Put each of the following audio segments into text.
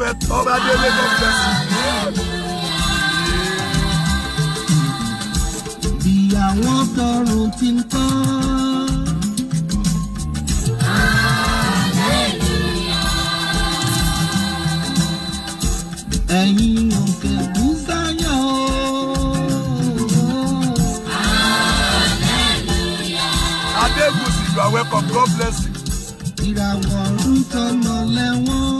prophet Obadele. God bless you. Bí àwọn tọrùn ti ń kọ́. ẹ̀yin òkè búsáyà o. Adégùsì, you are welcome, God bless you. Ìràwọ̀ ọ̀run tọ̀nà lẹ́wọ̀n.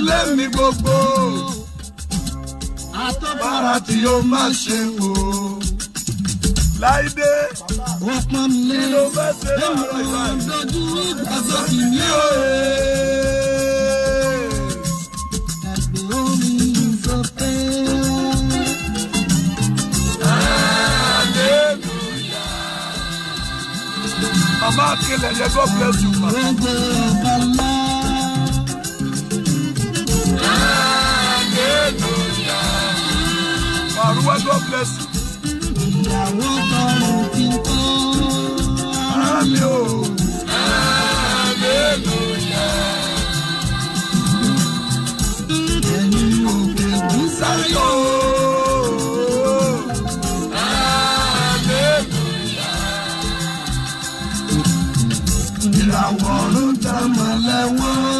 ilé mi gbogbo àtọ́bára tí ó má ṣe wò. Láìdé wọ́n pọ́n mi lé ló fẹ́ ṣe lọ́rọ̀ ìbáyìí. Dojú ìgbà sókè ní òye. Ẹ̀gbẹ́ omi ń sọ pé. Mama Akele, it. bless you, ma. bless you. ìyàwó tọrùn ti tó. àmì o. hallelujah. ẹ̀yin òkè gúúsàyò. ìràwọ̀ ló dá mọ́ lẹ́wọ́n.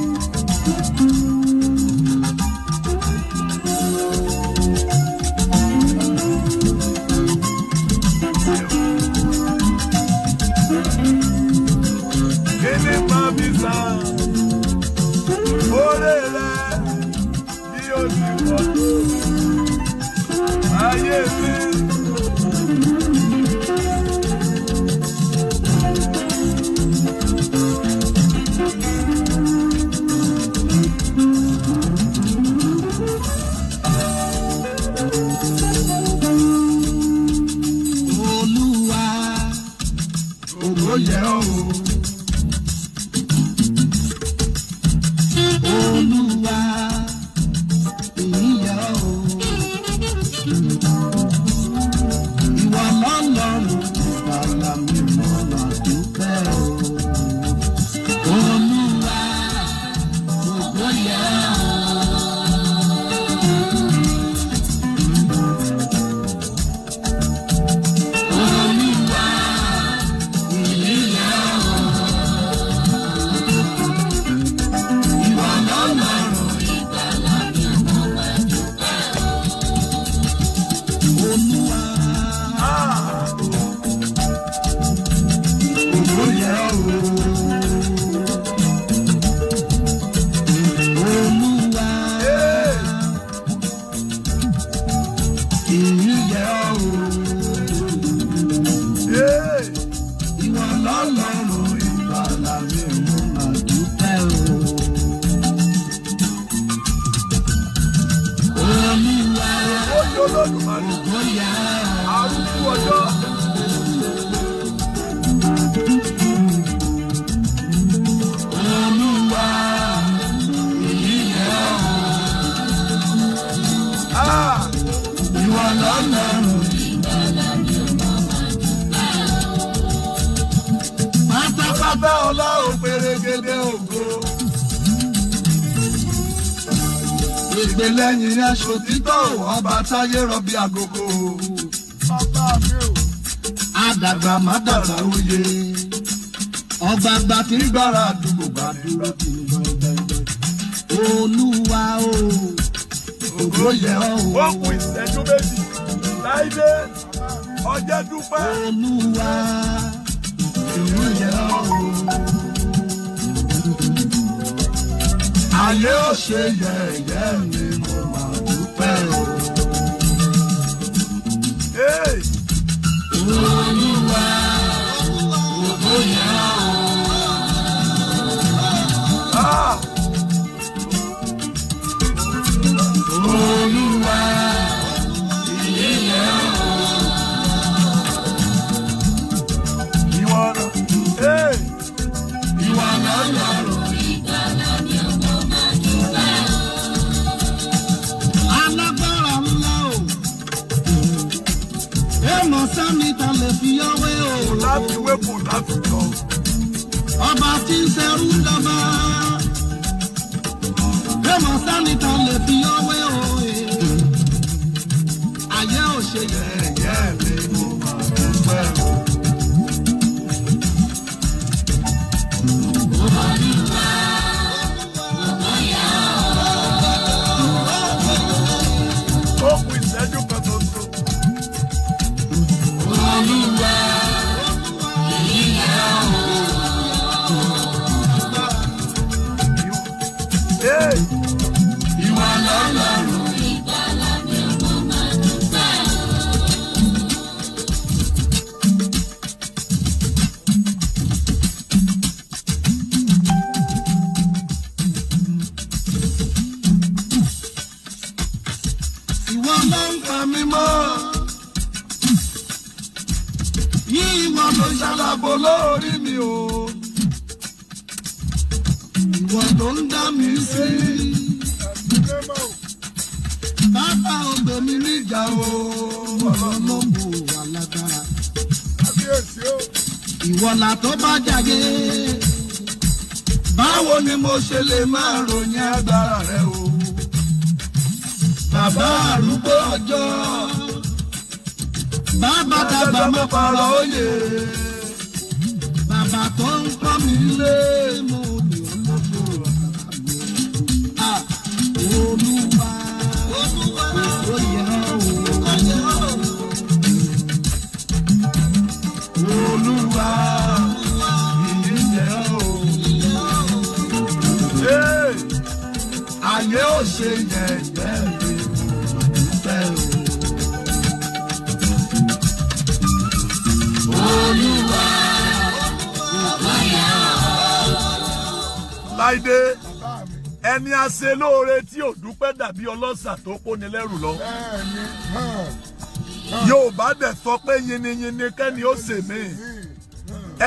oníbàárà àdúgbò bá dúró tì í gbọ́ngbẹ́. olúwa o ògbó yẹ ọ́ o. wọ́n kú ìṣẹ́jú méjì láìdé ọjọ́ dúpẹ́. olúwa ògbó yẹ ọ́ o. ayé ò yẹ̀yẹ́ mi mo máa dúpẹ́ o. olúwa. láti wébù láwùjọ. ọba tí ń ṣerú dọ́bà lẹ́mọ̀ sẹ́nitọ́ lè fi ọwé òye ayé ò changes bẹ́ẹ̀ mi kò dúpẹ́ o. olúwa bóyá. láìdé ẹni àṣẹ lóore tí ò dúpẹ́ dàbí ọlọ́ṣà tó kóni lẹ́rù lọ. bẹ́ẹ̀ni Yorùbá dẹ̀ sọ pé yinyinyin kẹ́ni ó ṣèmí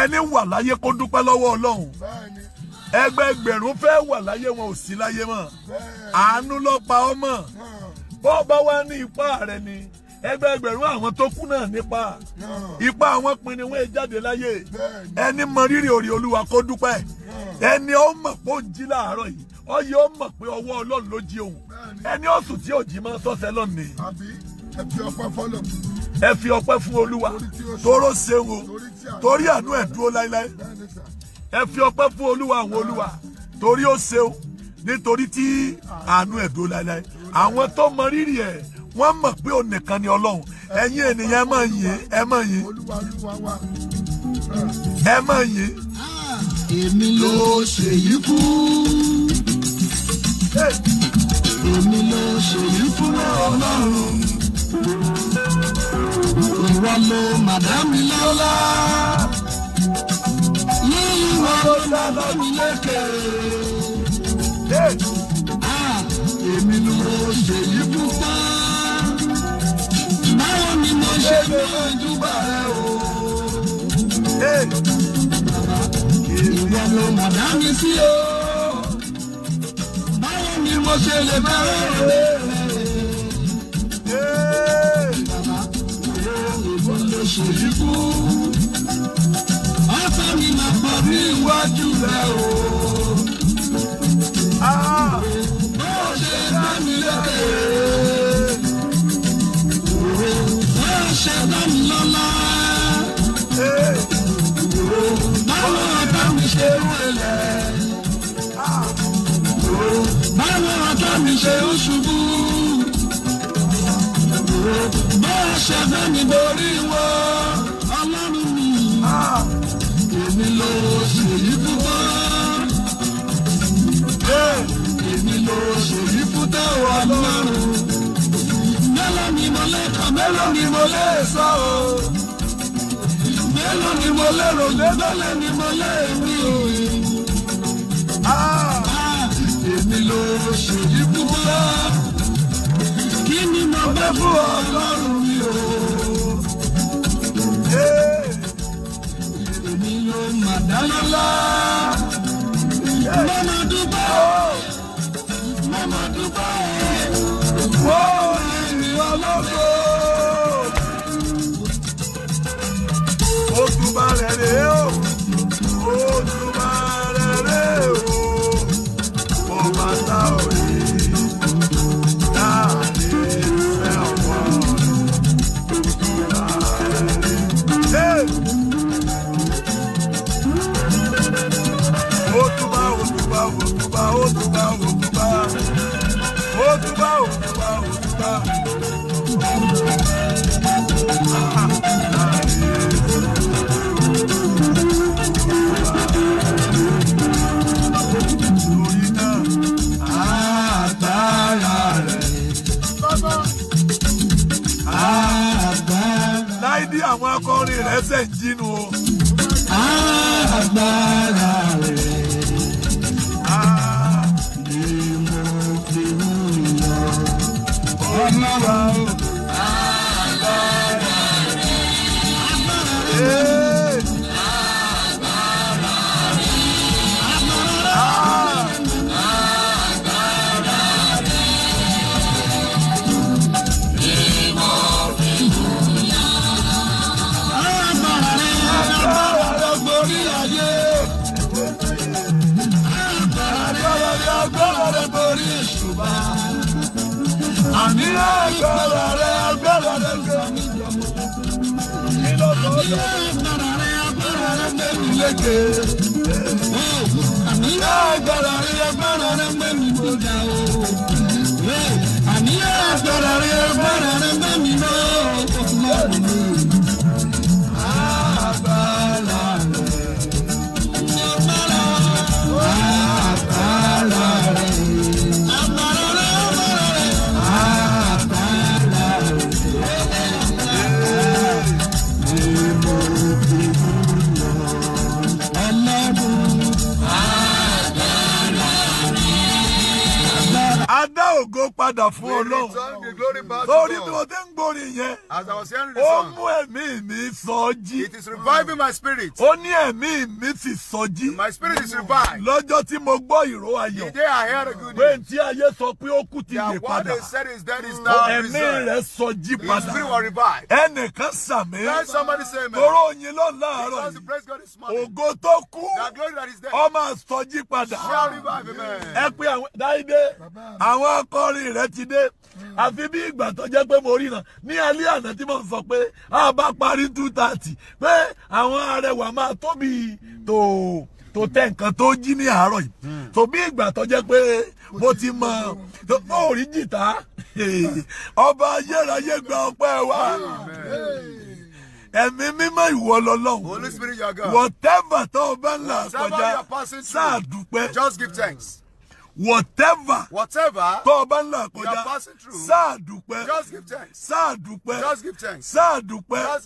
ẹni wà láyé kó dúpẹ́ lọ́wọ́ Ọlọ́run ẹgbẹgbẹ̀rún fẹ́ wà láyé wọn ò sí láyé mọ́ àánú ló pa ọ́ mọ́ bó bá wá ní ipá rẹ ni ẹgbẹgbẹ̀rún àwọn tó kú náà nípa ipá àwọn pinni wọn jáde láyé ẹni mọ rírì orí olúwa kó dúpẹ́ ẹni ó mọ̀ pé ó jí láàárọ̀ yìí ó yẹ ó mọ̀ pé ọwọ́ ọlọ́run ló jí òun ẹni ó sùn tí ò jí mọ́ sọ́sẹ́ lónìí ẹ fi ọpẹ́ fún olúwa tóró ṣeun o torí àánú ẹ̀ dúró láéláé ẹ fi ọpẹ́ fún olúwa àwọn olúwa torí ó ṣe o nítorí tí àánú ẹ̀ dúró láéláé àwọn tó mọ rírì ẹ̀ wọ́n mọ̀ pé òun nìkan ni ọlọ́run ẹ̀yin ènìyàn ẹ máa yìn ẹ máa yìn ẹ máa yìn. èmi ló ṣèyí fún èmi ló ṣèyí fún ọlọ́run ìwọ ló màdámi lọ́lá tó sá lọ mí lékè. Èmi ni mo ṣe yí fún tán. Báwo ni mo ṣe máa júbà rẹ o? Ìwọ ló mà dá mi sí o. Báwo ni mo ṣe lè bẹ̀rẹ̀ rẹ? Bàbá, ìwọ ló ṣe yí fún sí iwájú rẹ o. Bó ṣe dá mi lókè. Bó ṣe dá mi lọ́lá. Báwo ọ̀dá mi ṣe wẹ̀lẹ̀. Báwo ọ̀dá mi ṣe ń ṣubú. Bó mi borí wọ. Ọlọ́run mi èmi ló ṣe yí fún tán. èmi ló ṣe yí fún tán wà lọ́rùn. mélòó ni mo lè kà mélòó ni mo lè sọ o. mélòó ni mo lè rò mélòó ni mo lè rí o. èmi ló ṣe yí fún tán. kí ni mo bẹ́ fún ọlọ́run mi o. màdánilá mọ́mọ́ dúpẹ́ mọ́mọ́ dúpẹ́ wọ́n ní ọlọ́gbọ́. ó tún balẹ̀ rèé o. àwọn akọrin rẹ̀ ṣe ń jínu o. agbára rẹ̀ ni mo fi mú yọ ọmọ wa agbára rẹ̀. sisters ó padà fún Ọlọ́run. Torí bí mo ti ń gbórin yẹn, ó mú ẹ̀mí mi sọjí. It is reviving my spirit. Ó ní ẹ̀mí mi sì sọjí. My spirit is revived. Lọ́jọ́ tí mo gbọ́ ìró ayọ̀. The day I heard the good news. Pé tí ayé sọ pé ó kú ti yè padà. they said is dead is mm. now risen. Ẹ̀mí rẹ̀ sọjí padà. His spirit will revive. Ẹnìkan sàmì. somebody say amen. Toró oyin lọ láàárọ̀ yìí. Ògo tó kú. Ọmọ àsọjí padà. Ẹ pé àwọn dáídé àwọn akọrin orin rẹ ti dé àfi bí ìgbà tó jẹ́ pé mo rí náà ní alẹ́ àná tí mo sọ pé a bá parí two thirty pé àwọn arẹwà máa tóbi tó tó tẹ nǹkan tó jí ní àárọ̀ yìí tó hmm. bí ìgbà tó jẹ́ pé mo ti mọ mo ò rí jìtá ọba ayérayé gba ọpẹ́ wa ẹ̀mí mímọ́ ìwọ lọ́lọ́run. Holy whatever tó o bá ń là kọjá sáà dúpẹ́. just give thanks whatever whatever tó o bá ń là kọjá give thanks. sáà dúpẹ́ sáà dúpẹ́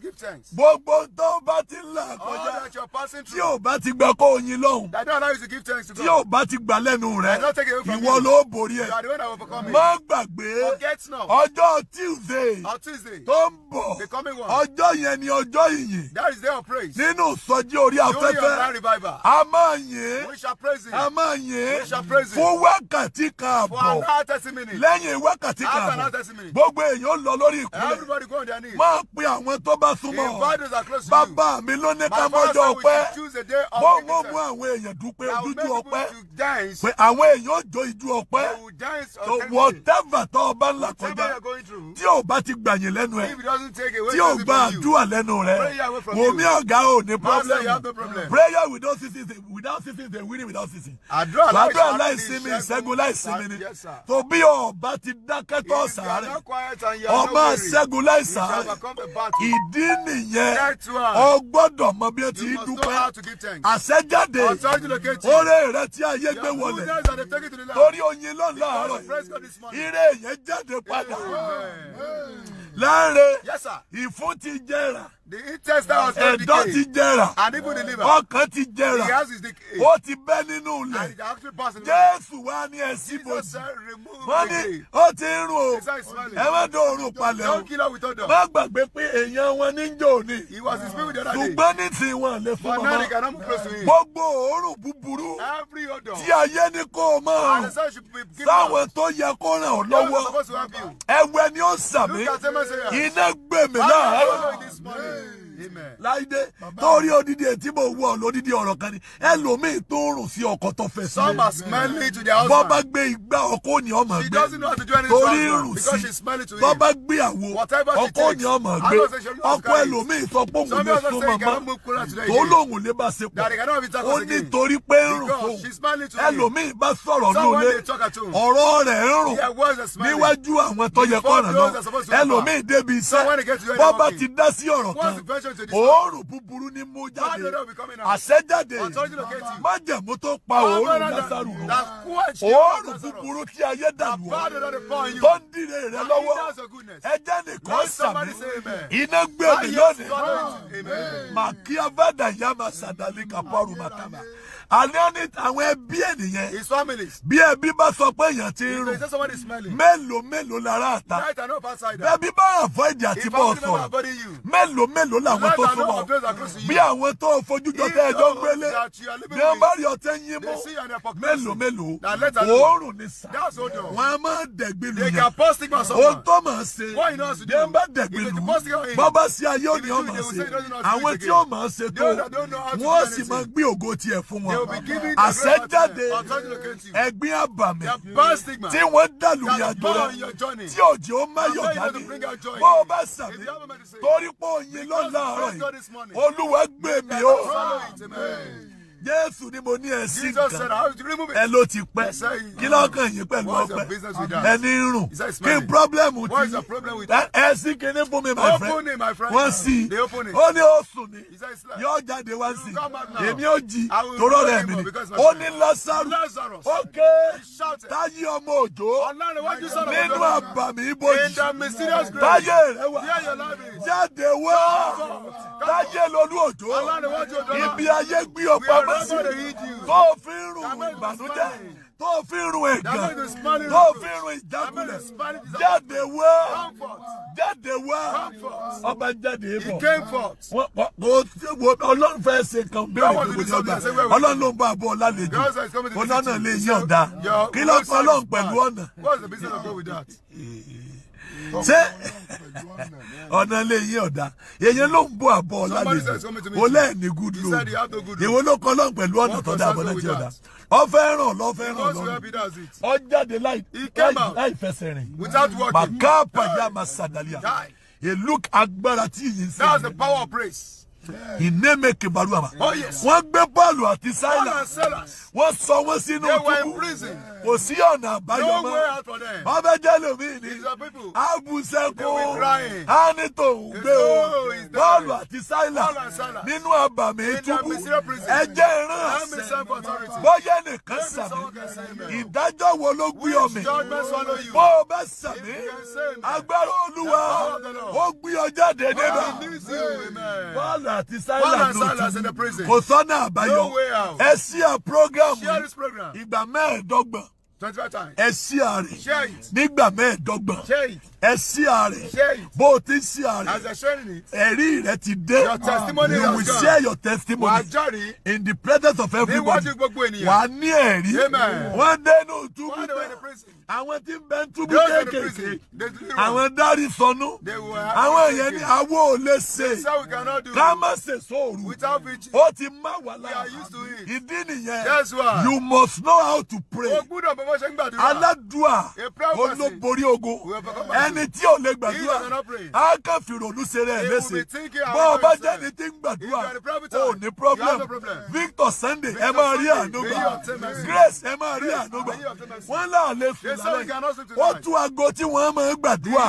gbogbo tó o bá ti ń là kọjá tí o bá ti gba kó o yin lọ́hùn tí o bá ti gbà lẹ́nu rẹ̀ ìwọ ló borí ẹ̀ má gbàgbé ọjọ́ Tuesday Tuesday. tó ń bọ̀ ọjọ́ yẹn ni ọjọ́ ìyìn nínú sọjí orí afẹ́fẹ́ a máa yìn a máa yìn fún fún wákàtí kan àbọ̀ lẹ́yìn wákàtí kan àbọ̀ gbogbo èèyàn lọ lórí ìkúlẹ̀ máa pe àwọn tó bá súnmọ́ bàbá mi ló ní ká mọ́jọ́ ọpẹ́ bó mọ́ mú àwọn èèyàn dúpẹ́ ojújú ọpẹ́ pé àwọn èèyàn jó ijú ọpẹ́ tó whatever tó o bá ń là kọjá tí o bá ti gbàyìn lẹ́nu ẹ̀ tí o gba àdúrà lẹ́nu rẹ̀ wò mí ọ̀gá ò ní problem prayer without ceasing without ceasing winning without ceasing àdúrà láìsinmi ìsinmi ìṣẹ́gun láì sinmi ni tó bí ọba ti dákẹ́ tó sàárẹ̀ ọmọ ìṣẹ́gun láì sàárẹ̀ ìdí nìyẹn o gbọ́dọ̀ mọ bí o ti dúpẹ́ àṣẹjáde oore rẹ tí ayé gbé wọlé torí oyin lọ láàárọ̀ ire yẹn jáde padà láàárẹ̀ ìfún ti jẹrà. The intestine was not decayed. Ẹ̀dọ̀ ti jẹrà. And even the liver. Ọkàn ti jẹrà. The house is decayed. Ó ti bẹ́ nínú ilẹ̀. And it actually passed in the water. Jésù wá ní ẹ̀sìn bòjì. Jesus removed the decay. Ó ti ń rún o. He started smiling. Ẹ má dán òórùn palẹ̀ o. Don't kill her with odor. Má gbàgbé pé èèyàn wọn ní jò ní. was his people the Ṣùgbọ́n ní ti lè fún mama. now they Gbogbo òórùn búburú. Tí ayé ni kó o máa rùn. And the sun should be given. Sáwọn tó yẹ kó ràn ọ́ lọ́wọ́. Ẹwẹ́ ni ó sàmì. Look at Emma say. Word. láìdé torí odidi ètí mò ń wọ lódidi ọ̀rọ̀ kan ni ẹlòmíì tó ń rùn sí ọkọ tó fẹ́ sí. some are smelly to their husband. bọ́ bá gbé igbá ọkọ ni ọmọ gbé torí rùn sí bọ́ bá gbé àwo ọkọ ni ọmọ gbé ọkọ ẹlòmíì sọ pé òun lè so màmá tó lóun lè bá ṣe pọ̀ ó ní torí pé ń rùn fóun ẹlòmíì bá sọ̀rọ̀ lóore ọ̀rọ̀ rẹ̀ ń rùn níwájú àwọn tó yẹ kọ́ràn lọ ẹlòmíì débi iṣẹ́ bọ́ bá ti dá sí ọ̀rọ̀ kan òórùn búburú ní mú jáde àṣẹjáde májẹ̀mú tó pa òórùn Násárù rọ òórùn búburú tí ayé dàlú ọ tó ń dìde rẹ lọ́wọ́ ẹjẹ́ nìkan sàmì iná gbé mi lónìí màkíyàvádà yàmà sàdálì kàpọ̀rù màtàmà àní ní àwọn ẹbí ẹ nìyẹn. his families. bí ẹbí bá sọ pé èèyàn ti ń rùn. he say somebody is smiling. mélòó mélòó lára àta. night and no pass either. bẹ́ẹ̀bí bá avoid àti bọ́ sọ. mélòó mélòó làwọn tó súnmọ́. bí àwọn tó fojú jọ tẹ́ ẹjọ́ ń gbélé. ní wọ́n bá rí ọtẹ́ yín mú. mélòó mélòó. òórùn ni sà. wọ́n á máa dẹ̀gbin lu yẹn. o tó máa ṣe. ní wọ́n bá dẹ̀gbin lu. bọ́bá sí ayé òní ọmọ ṣe. àwọn tí ó máa ṣe tó. wọ́n sì máa gbé ògo tiẹ̀ I said that àṣẹjáde Abami. Eh, àbàmì tí wọ́n dàlù ìyàjọ rẹ tí òjò ó má yọ̀ dání bó o bá sàmì torí pé òye lọ́la àárọ̀ yìí olúwa gbèmí o jésù ni mo ní ẹsìn kan ẹ ló ti pẹ́ kí lọ́kàn yín pẹ̀lú ọpẹ́ ẹni rùn kí n pírọ́blẹ́mù ti ẹsìn kìíní fún mi my friend wọ́n sì ó ní ó sùn mí yóò jáde wá sí èmi ó jí torọ́ rẹ̀ mi ni ó ní lásàrù ó ké táyé ọmọ òjò nínú àbàmì ibojì táyé rẹ̀ wá jáde wá táyé lolú òjò ibi ayé gbé ọ̀pá bá sí tó fi ń rùn ìbànújẹ́ tó fi ń rùn ẹ̀gàn tó fi ń rùn ìjákulẹ̀ jáde wá jáde wá ọba jáde bọ̀ ọlọ́run fẹ́ ṣe kan bẹ́ẹ̀ ni kò ní ọgbà ọlọ́run ló ń bá àbọ̀ ọ̀làlejò ọ̀nà náà lè yí ọ̀dà kí ló ń pa ọlọ́run pẹ̀lú ọ̀nà ṣé ọ̀nà lè yí ọ̀dà èyàn ló ń bọ́ àbọ̀ ọ̀làlejò olẹ́ẹ̀ni good load ìwọ ló kọ́ lọ́n pẹ̀lú ọ̀nà tó dáa bọ́lá tí ọ̀dà ọ̀fẹ́ràn lọ́fẹ́ràn lọ́nà ọ̀jáde láì fẹsẹ̀ rìn màkà pàjá màsàdàlíà èlú agbára tí yìí ń sẹ́yìn. that's the power of praise ìnémè kìbàrúwàmà oh, wọ́n gbé Pọ́ọ̀lù àti Sáìlà wọ́n sọ wọ́n sínú túbú kò sí ọ̀nà àbáyọ mọ́ wọ́n fẹ́ jẹ́ lómìn ní abùsẹ̀kù ánítòhùn gbé o Pọ́ọ̀lù àti Sáìlà nínú àbàmì túbú ẹjẹ́ ìran bóyá nìkan sàmì ìdájọ́ wo ló gbé ọmọ bó o bá sàmì agbára Olúwa ó gbé ọjà dédé bá Pọ́ọ̀lù àti silence ló ti kò sọ́nà àbáyọ ẹ sí à program ìgbà mẹ́ẹ̀ẹ́dọ́gbọ̀n ẹ sí à rẹ̀ nígbà mẹ́ẹ̀ẹ́dọ́gbọ̀n ẹ sí ààrẹ bó o ti ń sí ààrẹ ẹ̀rí rẹ ti dé you will share your testimony in the presence of everybody wà á ní ẹ̀rí wọ́n dénú túbú tẹ́ àwọn tí ń bẹ ń túbú kéékèèké àwọn dárí sọnù àwọn èèyàn ní awó ò lè ṣe ká má ṣe sóòrù ó ti má wà láàyè ìdí nìyẹn you must know how to pray aládùá olóborí ogun ẹ ẹni tí ò lè gbàdúrà á kàn fìrònú ṣeré ẹ̀ léṣe bọ́ ọ bá jẹ́ ni tí ń gbàdúrà ò ní problem Victor Sunday ẹ máa rí ànúgbà Grace ẹ máa rí ànúgbà wọ́n là lè sùn lálẹ́ ó tú aago tí wọ́n máa ń gbàdúrà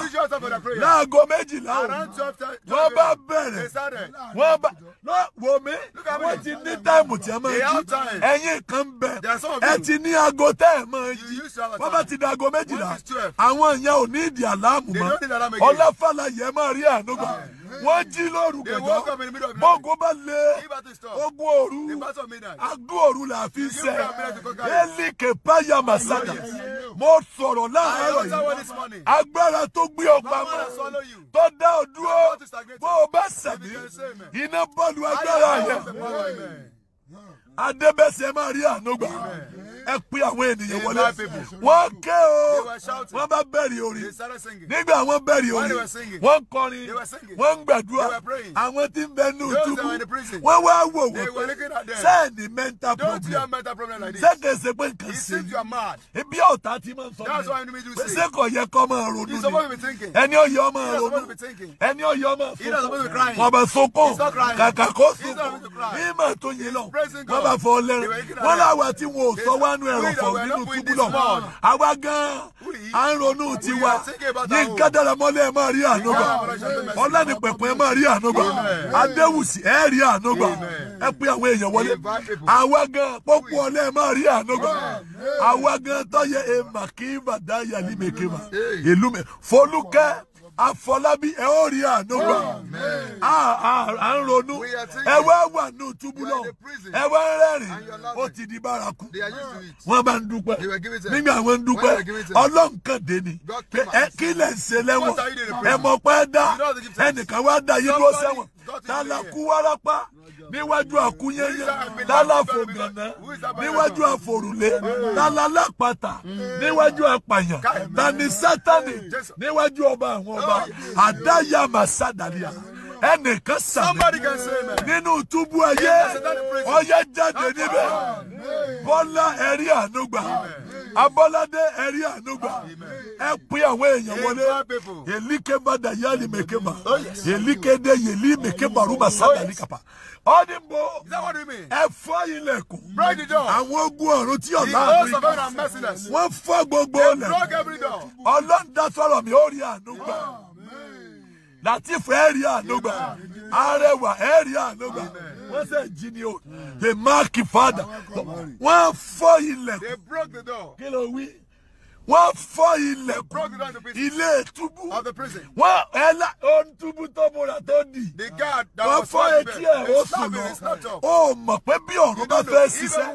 láago méjìlá òun wọ́n bá bẹ̀rẹ̀ wọ́n bá wò mí wọ́n ti ní táìmù tí ẹ máa jí ẹ̀yin kan bẹ̀ ẹ ti ní aago tẹ́ ẹ máa jí wọ́n bá ti da aago méjìlá àwọn èèyàn ò ní ìdí àlá láàmú mọ́ ọlọ́fàlà yẹ máa rí àánú gbà wọ́n jí lóru gẹ̀jọ́ bógo bá lé ogún òru agún òru là fi sẹ́ elike paya masada mo sọ̀rọ̀ láàárọ̀ yìí agbára tó gbé ọ pamọ́ tó dá ọ dúró bó o bá sàmì iná bọ́ọ̀lù agbára yẹn adébẹ́sẹ̀ ẹ máa rí àánú gbà ẹ pé àwọn ènìyàn wọlé wọ́n ké o wọ́n bá bẹ̀rẹ̀ orin nígbà wọ́n bẹ̀rẹ̀ orin wọ́n kọrin wọ́n ń gbàdúrà àwọn tí ń bẹ ní ojúbù wọ́n wá wò wọ́n sẹ́ẹ̀ni mental problem sẹ́ẹ̀kẹ́ ṣe pé nǹkan ṣe ibi ọ̀tá ti máa ń sọ pé ṣé kò yẹ kó máa ronú ni ẹni ọ̀yọ́ ọmọ ronú ẹni ọ̀yọ́ ọmọ sunkún ọ̀bẹ sunkún kàkà kó sunkún ní ìmọ̀ tó yẹ lọ wọ́n bá bá fọ lẹ́rìn wọ́n láwa tí wọn ò sọ wánú ẹ̀rọ̀fọ̀ nínú túbúlọ̀ àwa gan-an à ń ronú tiwa ní kádàrà mọ́lẹ̀ ẹ̀ máa rí ànúgbà ọlọ́ni pẹ̀pẹ́ ẹ̀ máa rí ànúgbà adéwùsì ẹ̀ rí ànúgbà ẹ pé àwọn èèyàn wọlé àwa gan-an pọ́pọ́ ọlẹ́ ẹ̀ máa rí ànúgbà àwa gan tọ́yẹ èèmà kí bàdá yàlí mèkéma èlú mi fọlúkẹ́ Afọlábí ẹ ó rí àánú gbà à ń ronú ẹ wá wà ní túbú náà ẹ wá ń rẹ́rìn ó ti di bárakú wọ́n bá ń dúpẹ́ nígbà wọ́n ń dúpẹ́ ọlọ́nkàndé ni kí lẹ̀ ń ṣe lẹ́wọ̀n ẹ mọ̀ pé ẹ dá ẹnìkan wá dá yín lọ sẹ́wọ̀n tálákú wárápá níwájú àkúnyẹ́yẹ́ lálàfo gànà níwájú àforùlé lálàlápàtà hmm. níwájú apàyàn tani sátani níwájú ọba àwọn ọba oh, àdáyàmà sádàlíà ẹnìkan sàmì nínú túbú ayé ọyẹ jáde níbẹ̀ bọ́lá ẹ̀rí ànúgbà abọ́ládé ẹ̀rí ànúgbà ẹ pín àwọn èèyàn wọlé yèlíkẹ́ bàdà yálì mẹ́kẹ́ mà oh, yèlíkẹ́ dé yèlí mẹ́kẹ́ màrúmà oh, sábà ní kàpá ọdínbó ẹ fọ́ ilẹ̀kùn àwọn ogun ọ̀run tí ọ̀la àgbẹ̀ wọ́n fọ́ gbogbo ọ̀lẹ̀ ọlọ́ndà sọ̀rọ̀ mi ó rí ànúgbà. Oh. Latif ẹ̀rí ànúgbà arẹwà ẹ̀rí ànúgbà wọ́n sẹ̀ jí ni o The mark father wọ́n fọ́ ilẹ̀kùn kí ló wí wọ́n fọ́ ilẹ̀kùn ilé túbú wọ́n ẹ̀la ohun túbú tó múra tó dì wọ́n fọ́ etí ẹ̀ ó sùn lọ ó mọ̀ pé bí ọ̀run bá fẹ́ ṣiṣẹ́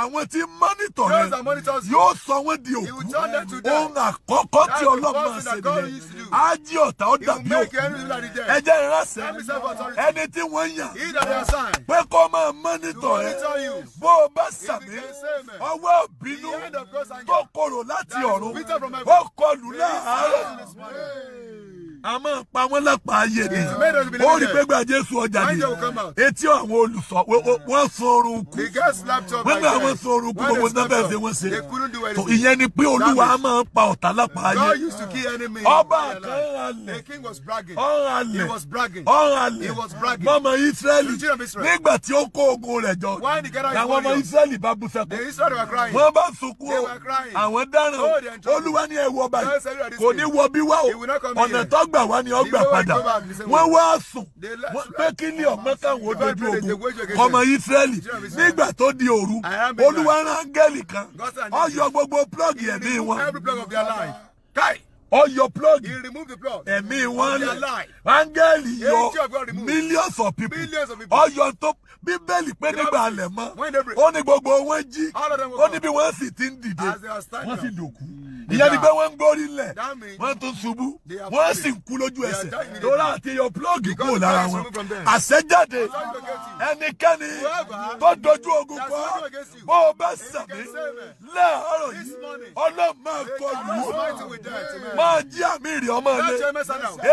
àwọn tí mọ́nítọ̀ rẹ̀ yóò sọ wọ́n di òkú ohun àkọ́kọ́ tí ọlọ́gbọ́n ṣe nìyẹn á jí ọ̀tá ó dàbí òkú ẹjẹ́ ìránṣẹ́ ẹni tí wọ́n yàn pé kó máa mọ́nítọ̀ rẹ̀ bó o bá sàmì ọwọ́ òbínú tó korò láti ọ̀run ó kọlù láàárọ̀ a máa pa wọ́n lápá ayé ni ó rí pé gba Jésù ọjà ni etí àwọn olùsọ wọ́n sọrun kù wọ́n gbà wọ́n sọrun kù gbogbo náà bẹ́ẹ̀ ṣe wọ́n ṣe tó ìyẹn ni pé Olúwa a máa pa ọ̀tá lápá ayé ọba àkànralẹ̀ ọ̀ralẹ̀ ọ̀ralẹ̀ mọ́mọ́ Ísírẹ́lì nígbà tí ó kó ogun rẹ̀ jọ làwọn ọmọ Ísírẹ́lì bá bú sẹ́kọ̀ọ́ wọ́n bá sunkún o àwọn dáràn oh, Olúwa ní ẹ̀wọ̀ báyìí kò ní wọ bí wá o ọ̀nà tó gbà wá ni ó gbà padà wọ́n wá sùn pé kí ni ọ̀gbọ́n káwọn dojú ogun ọmọ Ísírẹ́lì nígbà tó di òru olúwa rán áńgẹ́lì kan ó yọ gbogbo plọ́ọ̀gì ẹ̀mí wọn. All your plug. he remove the plug. ẹ̀mí wọn lẹ̀ áńgẹ́lì yọ millions of people. millions of people. ó yọ tó bíbélì pé nígbà alẹ̀ mọ́. ó ní gbogbo wọn jí. ó ní bí wọ́n sì ti ń dìde. wọ́n sì dòkú. Hmm. ìyẹn ni pé wọ́n ń gbórí lẹ̀. wọ́n tún ṣubú. wọ́n sì ń kú lójú ẹsẹ̀. torí àti yọ plug kúrò lára wọn. àṣẹjáde ẹnikẹ́ni tó dojú ogun kọ́ bó o bá sàmì lẹ́ẹ̀ọ́rọ̀ yìí ọlọ́ọ̀ máa kọ lù ú máa jí àmì ìrì ọmọ ilé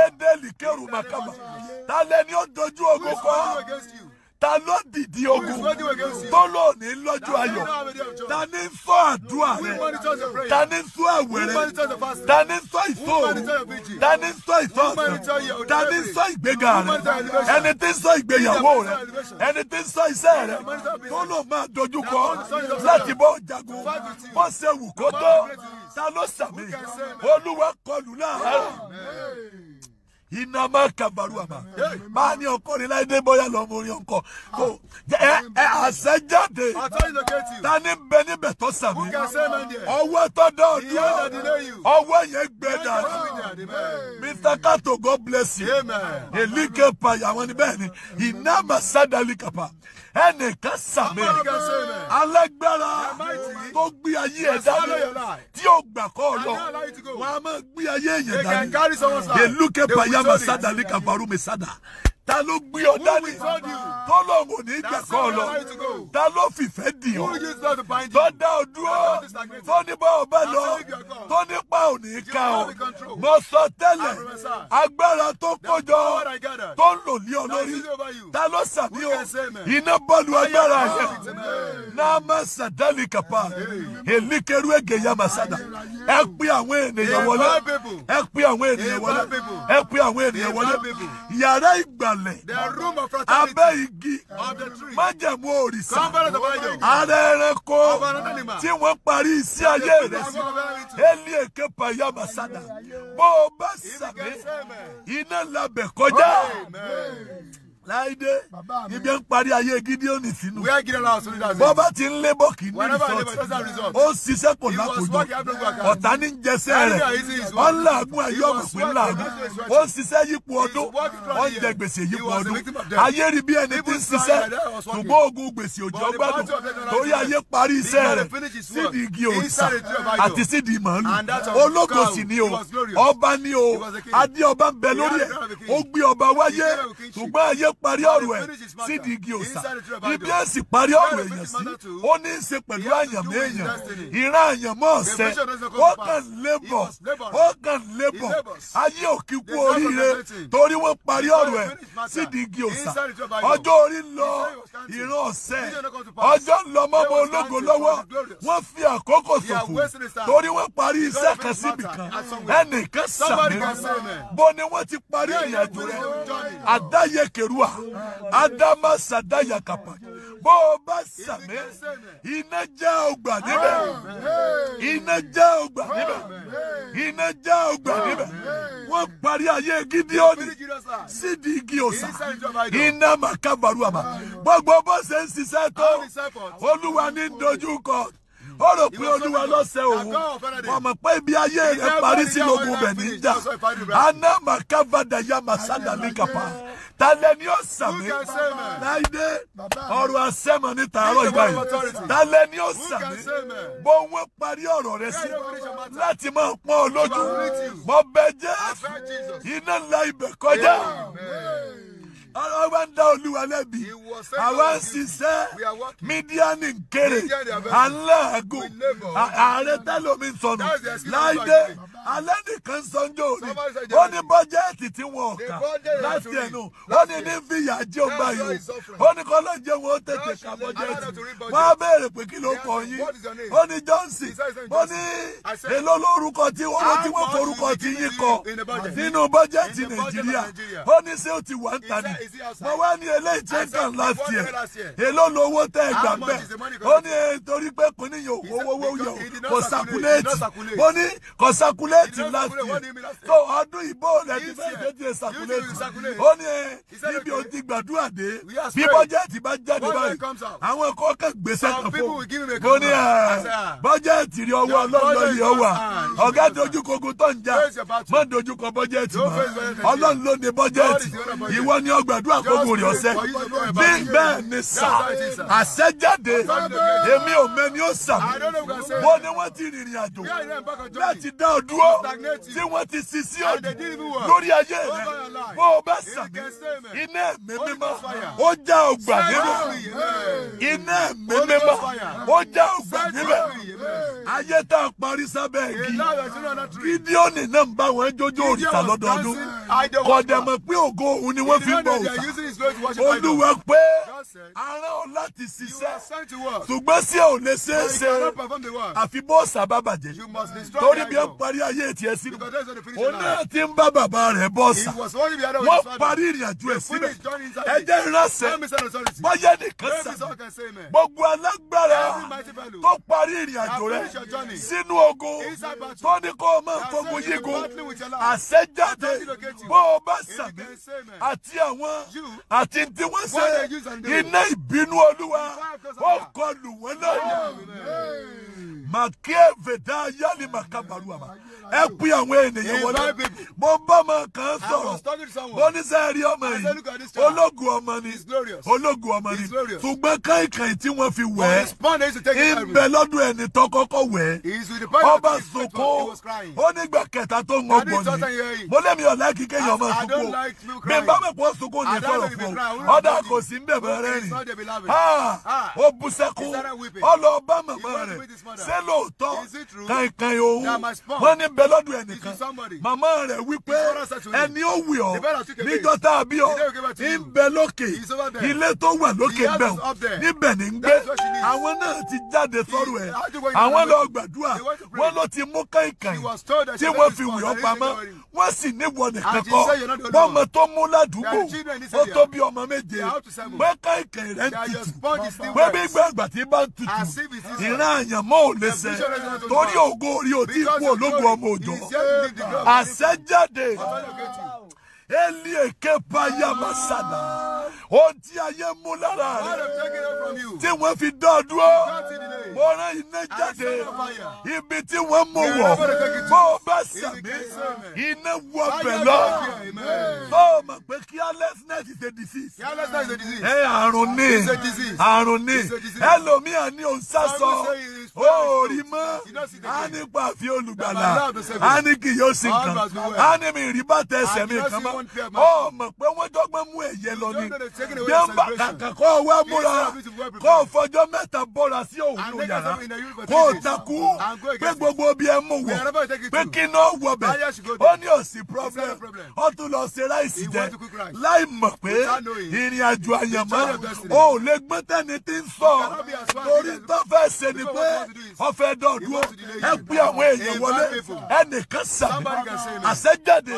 édèlì kẹrù màkàmà ta lẹni ó dojú ogun kọ ta ló dìdí ogun tó lò ní lọ́jọ́ ayọ̀ ta ní sọ àdúrà rẹ ta ní sọ àwẹ̀ rẹ ta ní sọ ìṣòro ta ní sọ ìṣòro ta ní sọ ìgbéga rẹ ẹni tí ń sọ ìgbéyàwó rẹ ẹni tí ń sọ iṣẹ́ rẹ tó lò máa dojú kọ láti bọ́ jagun bó ṣe wù kó tó ta ló sàmì olúwa kọlù láàárọ̀ iná má kàbàrú àmà máa ní ọkọ ní láìdé bóyá lọ mú orin ọkọ kò ẹ àṣẹ jáde ta ní bẹ níbẹ̀ tó sàmì ọwọ́ tó dá ọwọ́ yẹn gbẹ dànù Mr. Kato God bless you elike paya wọn ni bẹ́ẹ̀ ni iná mà sádàlì kàpà ẹnìkan sàmì alágbára tó gbé ayé ẹ dání tí ó gbà kọ́ lọ wọn a máa gbé ayé yẹn dání ìlú kẹpà yamasa dalí kàbárù mi sada ta ló gbé ọ dání tó lọ kò ní gbẹ̀kọ́ lọ ta ló fìfẹ́ dì ọ́ tó dá ọ dúró tó ní bá ọ bẹ́ lọ tó nípa ò ní ká ọ mo sọ tẹ́lẹ̀ agbára tó kójọ tó ń lò ní ọ lórí ta ló sàmì ọ iná bọ́ọ̀lù agbára yẹn náà má sàdálì kàpá èlíkẹ́rú ẹ̀gẹ̀ yà má sàdá ẹ pé àwọn ènìyàn wọlé ẹ pé àwọn ènìyàn wọlé ẹ pé àwọn ènìyàn wọlé yàrá ìgbà kalẹ̀ abẹ́ igi májẹ̀mú òrìṣà ara ẹranko tí wọ́n parí iṣẹ́ ayé rẹ̀ sí eli èké payámasada bó o bá sàmé iná labẹ̀ kọjá láìdé ibi ń parí ayé Gideoni sínú bọ́bá ti ń lé bọ́ọ̀kì ní resort ó ń ṣiṣẹ́ pọ̀ lákòjọ ọ̀tá ní jẹsẹ́ rẹ̀ ó ń làágùn ayé ọ̀gbìn làágùn ó ń ṣiṣẹ́ yípo ọdún ó ń jẹ gbèsè yípo ọdún ayé rí bí ẹni tí ń ṣiṣẹ́ ṣùgbọ́n ogun gbèsè òjò gbádùn torí ayé parí iṣẹ́ rẹ̀ sídìí igi òòṣà àti sídìí màálù ológo sì ni o ọba ni o adé ọba ń bẹ lórí ẹ̀ ó gbé ọba wáyé ṣùgbọ́n ayé parí ọ̀rọ̀ ẹ̀ sídìí igi òòṣà ibi ẹ̀ sì parí ọ̀rọ̀ èèyàn sí ó ní í ṣe pẹ̀lú àyànmọ́ èèyàn ìran àyànmọ́ ọ̀sẹ̀ ó kàn lébọ̀ ó kàn lébọ̀ ayé òkì kú oríire torí wọ́n parí ọ̀rọ̀ ẹ̀ sídìí igi òòṣà ọjọ́ orí lọ ìran ọ̀sẹ̀ ọjọ́ ń lọ mọ́mọ ológo lọ́wọ́ wọ́n fi àkókò ṣòfò torí wọ́n parí iṣẹ́ kan síbì kan ẹnìkan sàmì bó ni wọ́n ti parí ìrìn rẹ̀ àdáyé kèrú wà ádámà sàdáyà kàpà bó o bá sàmé iná já ọgbà níbẹ̀ iná já ọgbà níbẹ̀ iná já ọgbà níbẹ̀ wọ́n parí ayé gídíọ́nì sídìí igi òsà iná màkàbàrú àmà gbogbo bó ṣe ń ṣiṣẹ́ tó olúwa ní dojú kọ ó rò pé olúwa lọ́sẹ̀ òun wọ́n pé ibi ayé rẹ̀ parí sí lógun bẹ̀ níjà anámàkàbàdà yamasa dàmí kàpá talẹ ni ó sàmì láìdé ọ̀rọ̀ àṣẹmọ ní tàárọ̀ ìgbà yìí ni ó sàmì bó wọn parí ọ̀rọ̀ rẹ sí láti máa pọ́n ọ lójú mọ bẹ jẹ iná ńlá ibẹ̀ kọjá ọlọ́wọ́ ń dá olúwa lẹ́bi àwa ń ṣiṣẹ́ mídíánì ń kéré aláàgùn ààrẹ tẹ́lómi sọnù láìdé alẹ́ nìkan sanjó ni ó ní bọ́jẹ́ẹ̀tì tí wọ́n kà láti ẹnu ó ní ní fìyà jẹ́ ọgbà yìí ó ní kọ́ ló jẹ́ wọn ó tètè ka bọ́jẹ́ẹ̀tì wọ́n á béèrè pé kí ló kọ yín ó ní Johnson ó ní èló lórúkọ tí owó tí wọ́n forúkọ ti yín kọ nínú bọ́jẹ́ẹ̀tì Nàìjíríà ó ní ṣé ó ti wà ń tani wọ́n wá ní eléyìí tí ń kàn láti ẹ̀ èló lówó tẹ́ ẹ gbà bẹ́ẹ̀ ó ní torí pé kò ní yòówó wọ́wọ́ yòó kò sàkúlẹ̀tì ó ní kò sàkúlẹ̀tì calculate last year so ọdún ìbò rẹ̀ ti fẹ́ fẹ́ tiẹ̀ circulate ó ní níbi o ti gbàdúrà dé bí bọ́jẹ́ẹ̀tì bá jáde báyìí àwọn ẹ̀kọ́ kan gbèsè kan fún mo ní ah, bọ́jẹ́ẹ̀tì rí ọwọ́ ọlọ́run ọwà ọ̀gá dojú tó ń jà má dojú kọ bọ́jẹ́ẹ̀tì mọ́ ọlọ́run ló ìwọ ni ọgbàdúrà kó mo rí ọ̀sẹ̀ bí bẹ́ẹ̀ ni sà àṣẹjáde èmi ò mẹ́ni ó sà mo ní wọ́n ti rìnrìn àjò láti dá ọ dúró ìdúró tí wọ́n ti sì sí ọ̀dọ̀ lórí ayé rẹ̀ bó o bá sàmì iná ẹ̀mí mímọ́ ó já ọgbà níbẹ̀ iná ẹ̀mí mímọ́ ó já ọgbà níbẹ̀ ayé tá a parí sábẹ́ igi fídíọ́nì náà ń bá wọn jójó òrìṣà lọ́dọọdún kọ̀dẹ̀ mọ̀ pé ògo òun ni wọ́n fi ń bọ òrìṣà olúwa pé aràn ọ láti ṣiṣẹ́ ṣùgbọ́n sí ò lè ṣeé ṣe àfi bó sábà bàjẹ́ torí bí ẹ parí ayé tiẹ̀ sínú òun náà ti ń bá bàbá rẹ̀ bọ̀ sà wọ́n parí ìrìnàjò ẹ̀ síbẹ̀ ẹ jẹ́ ìránṣẹ́ bọ́yá nìkan sà gbogbo alágbára tó parí ìrìnàjò rẹ̀ sínú ogun tó ní kó o máa fogun yígun àṣẹjáde bó o bá sàmì àti àwọn àti tí wọ́n ṣe iná ìbínú olúwa ó kọlù wọ́n lọ́yà màkì ẹ̀fẹ̀dá yálì màkà bàrú àbá ẹ pín àwọn ènìyàn wọlé mo bá ọmọ kan sọ̀rọ̀ mo ní sẹ́ẹ̀rí ọmọ yìí ológun ọmọ ni ológun ọmọ ni ṣùgbọ́n káìkàì tí wọ́n fi wẹ̀ ẹ́ ń bẹ lọ́dún ẹni tó kọ́kọ́ wẹ̀ ẹ́ ọba sọ̀kọ́ ó nígbà kẹta tó ń gbọ̀n ni mo lé mi ọ̀la kíkẹ́ yẹn ọmọ sọ̀kọ́ bí bá mi pọ̀ sọ̀kọ́ ní sọ̀rọ̀ fún ọ̀dà kò sí ń bẹ̀bẹ̀ rẹ̀ rìn ó bú sẹ́kún ọlọ́ọ̀bá màmá rẹ̀ sẹ́lóòótọ́ káìkàì òun wọ́n ní bẹ lọ́dọ̀ ẹnìkan màmá rẹ̀ wípé ẹni ó wì ọ́ níjọ́ tá a bí ọ́ ń bẹ lókè ilé tó wà lókè bẹ̀ ọ́ níbẹ̀ ní ń gbé àwọn náà ti jáde sọ́rọ̀ ẹ̀ àwọn lọ gbàdúrà wọ́n ló ti mú kàìnkàìn tí wọ́n fi wì ọ́ pamọ́ wọ́n sì níwọ̀ nìkan kọ́ bọ́mọ tó mú ládùúgbò ó tó bí ọmọ méje pé kàìnkàìn rẹ̀ ń tutù pé bí gbàgbà tí bá ń tutù ìran àyànmọ́ ò lè torí ògo orí òtí ìkú ológun ọmọ òjò àṣẹjáde eli èképa yàmà sàdà ohun tí ayé mú lára rẹ tí wọ́n fi dá ọ dúró mo rán iná jáde ibi tí wọ́n mú wọ̀ bó o bá sàmì iná wọ bẹ̀ bó o mọ̀ pé carelessness is a disease. carelessness is a disease. ẹ àrùn ni àrùn ni ẹlòmíràn ni òun sá sọ orí mọ́ á ní pàfi olùgbàlà á ní kì yóò sin kan á ní mi rí bàtà ẹsẹ̀ mi kan mọ́ ọ mọ̀ pé wọ́n dọ́gbọ́n mú ẹ̀yẹ lọ ni bí ó ń bá kàkà kọ́ ọ wá múra kọ́ ọ fọjọ́ mẹ́ta bọ́ra sí òun ní òyàrá kó o takú pé gbogbo bí ẹ mú wọ̀ pé kí iná wọ̀ ó ní òsì problem ó tún lọ ṣe ráìsì jẹ láì mọ̀ pé ìrìn àjò àyànmọ́ ò lè gbọ́n tẹ́ni tí ń sọ torí tó fẹ́ ṣe ni pé ọfẹ dọọdúró ẹ gbé àwọn èèyàn wọlé ẹnìkan sàmì àṣẹjáde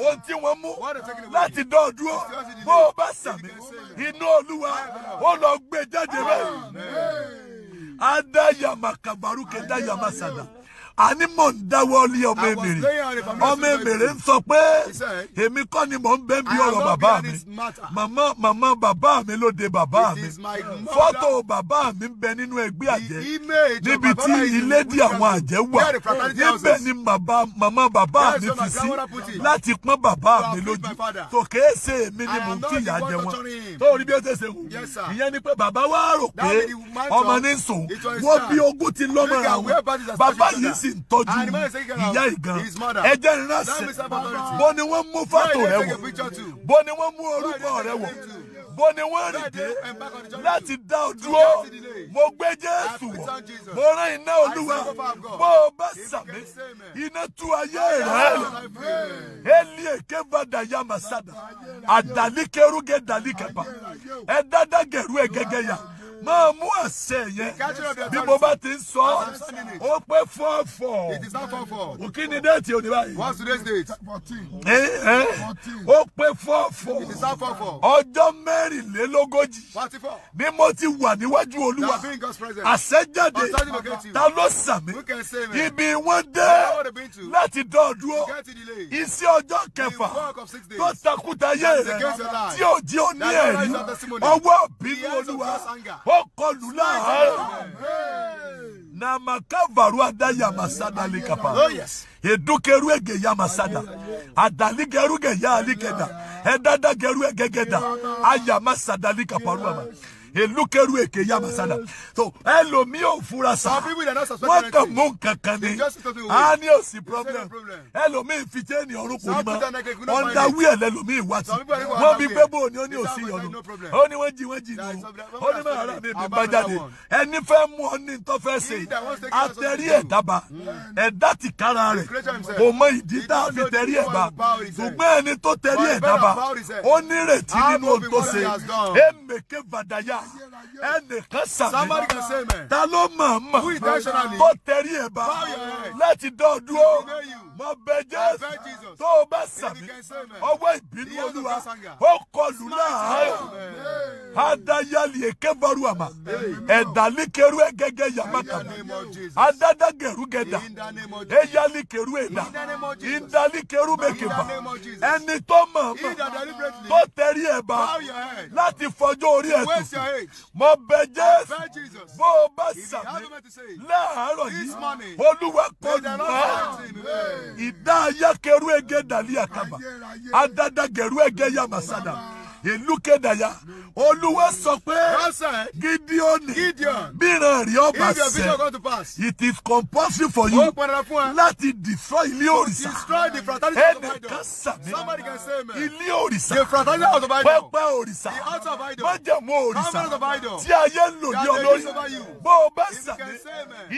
ohun tí wọn mú láti dọọdúró bó o bá sàmì inú olúwa ó lọ gbé jáde bẹ́ẹ̀ adayamakabaruke dayamasada àní mò ń dáwọ́ lé ọmọ èmèrè ọmọ èmèrè ń sọ pé èmi kọ́ ni mò ń bẹ́ bí ọ̀rọ̀ bàbá mi màmá màmá bàbá mi ló de bàbá mi fọ́tò bàbá mi ń bẹ nínú ẹgbẹ́ àjẹ́ níbi tí ilé di àwọn àjẹ́ wà níbẹ̀ ni màmá bàbá mi fi sí láti pọ́n bàbá mi lójú tòkè ṣe èmi ni mò ń fìyà jẹ wọn tó rí bí ó ṣe ṣe wù ìyẹn ni pé bàbá wa rò pé ọmọ ní sùn wọ́n bí ogún ti lọ́mọ àwọn bàbá yìí sì ń tọ́jú ìyá ìgan ẹ̀jẹ̀ ńlá sí bó ni wọ́n mú fọ́tò rẹ wọ̀ bó ni wọ́n mú orúkọ rẹ wọ̀ bó ni wọ́n rìn dé láti dá ọ dúró mo gbé Jésù wọ̀ mo rán iná Olúwa bó o bá sàmì iná tú ayé rẹ lọ eli èké vada yamasada àdàlíkẹrúgẹ dàlíkẹpà ẹdádàgẹrú ẹgẹgẹ yà máa mú àṣẹ yẹn bí mo bá ti ń sọ ó pé fọ́ọ̀fọ́ òkí ni déètì òní báyìí ó pé fọ́ọ̀fọ́ ọjọ́ mẹ́rìnlélógójì ni mo ti wà níwájú olúwa àṣẹ jáde ta ló sàmì ibi wọ́n dé láti dán dúró iṣẹ́ ọjọ́ kẹfà tó takútayé rẹ̀ tí ò jí ó ní ẹ̀rí ọwọ́ bínú olúwa ó ó kọlù náà na makavaru likapa oh, edukeru ege ya adali geru ge ya edada geru egegeda aya masada elukeru èké yamasada so ẹlòmí ò fura sa wọn kàn mú kankan ni a ní òsì problem ẹlòmí fi chain ọrùn kò ní ma ọ̀ndà da lẹlòmí wá sí wọn bí pé bò ní ó ní òsì yọnu ó ní wọ́n jí wọ́n jí ní o ó ní bẹ́ẹ̀ rà mí bí bá jáde ẹni fẹ́ mú ọ ní tó fẹ́ ṣe àtẹ̀rí ẹ̀ dábàá ẹ̀dá ti kára rẹ̀ kò mọ ìdí tá a fi tẹ̀rí ẹ̀ bá ṣùgbọ́n ẹni tó tẹ̀rí ẹ̀ dábàá ó nírètí nínú ohun tó ṣe é mèké vàdáyà ẹnìkan sàmì ta ló mọ̀ ọ́n mọ̀ tó tẹ̀rí ẹ̀ bá láti dán dúró mo bẹ jésù tó o bá sàmì ọwọ́ ìbínú olúwa ó kọlù náà adayali ekevaru ama ẹdali keru egege yamata adada geru geda eyali keru eda keru mekeva ẹni tó mọ̀ọ́mọ̀ tó tẹ̀rí ẹ̀ bá láti fọjọ́ orí ẹ̀ tù mo bẹ jésù bó o bá sàmì láàárọ̀ yìí olúwa kọlù náà ìdá ayákẹrú ẹgẹ dàlí àkàbà adada gẹrú ẹgẹ yàmàsádà ìlú Kèdàyà olúwa sọ pé Gideoni bíran rí ọba sẹ it is compulsory for you láti destroy ilé òrìṣà ẹnìkan sàmì ilé òrìṣà pẹpẹ òrìṣà májàmú òrìṣà tí ayé ń lò ní olórí bó o bá sàmì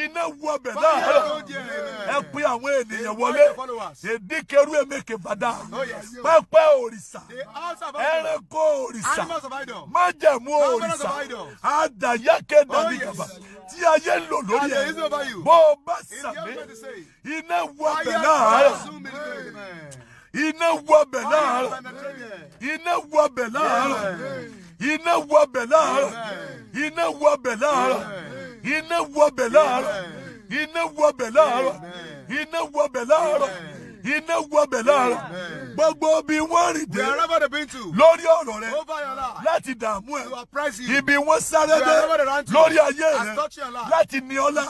iná wọ ọbẹ̀ láàárọ̀ ẹ pín àwọn ènìyàn wọlé èdè kẹrù èmẹkẹ fàdà pẹpẹ òrìṣà ẹranko ẹranko òrìṣà májẹ̀mú òrìṣà àdàyákẹ́dàbí oh, kaba tí ayé ń lò lórí ẹ̀ bó o bá sàmì iná wọ ọbẹ̀ náà rẹ̀ iná wọbẹ̀ láàárọ̀ iná wọbẹ̀ láàárọ̀ iná wọbẹ̀ láàárọ̀ iná wọbẹ̀ láàárọ̀ iná wọbẹ̀ láàárọ̀ iná wọbẹ̀ láàárọ̀ iná wọbẹ̀ láàárọ̀ iná wọbẹ̀ lára gbogbo bí wọ́n rìn dé lórí ọ̀rọ̀ rẹ láti dààmú ẹ ibi wọ́n sáré dé lórí ayé rẹ láti ní ọlá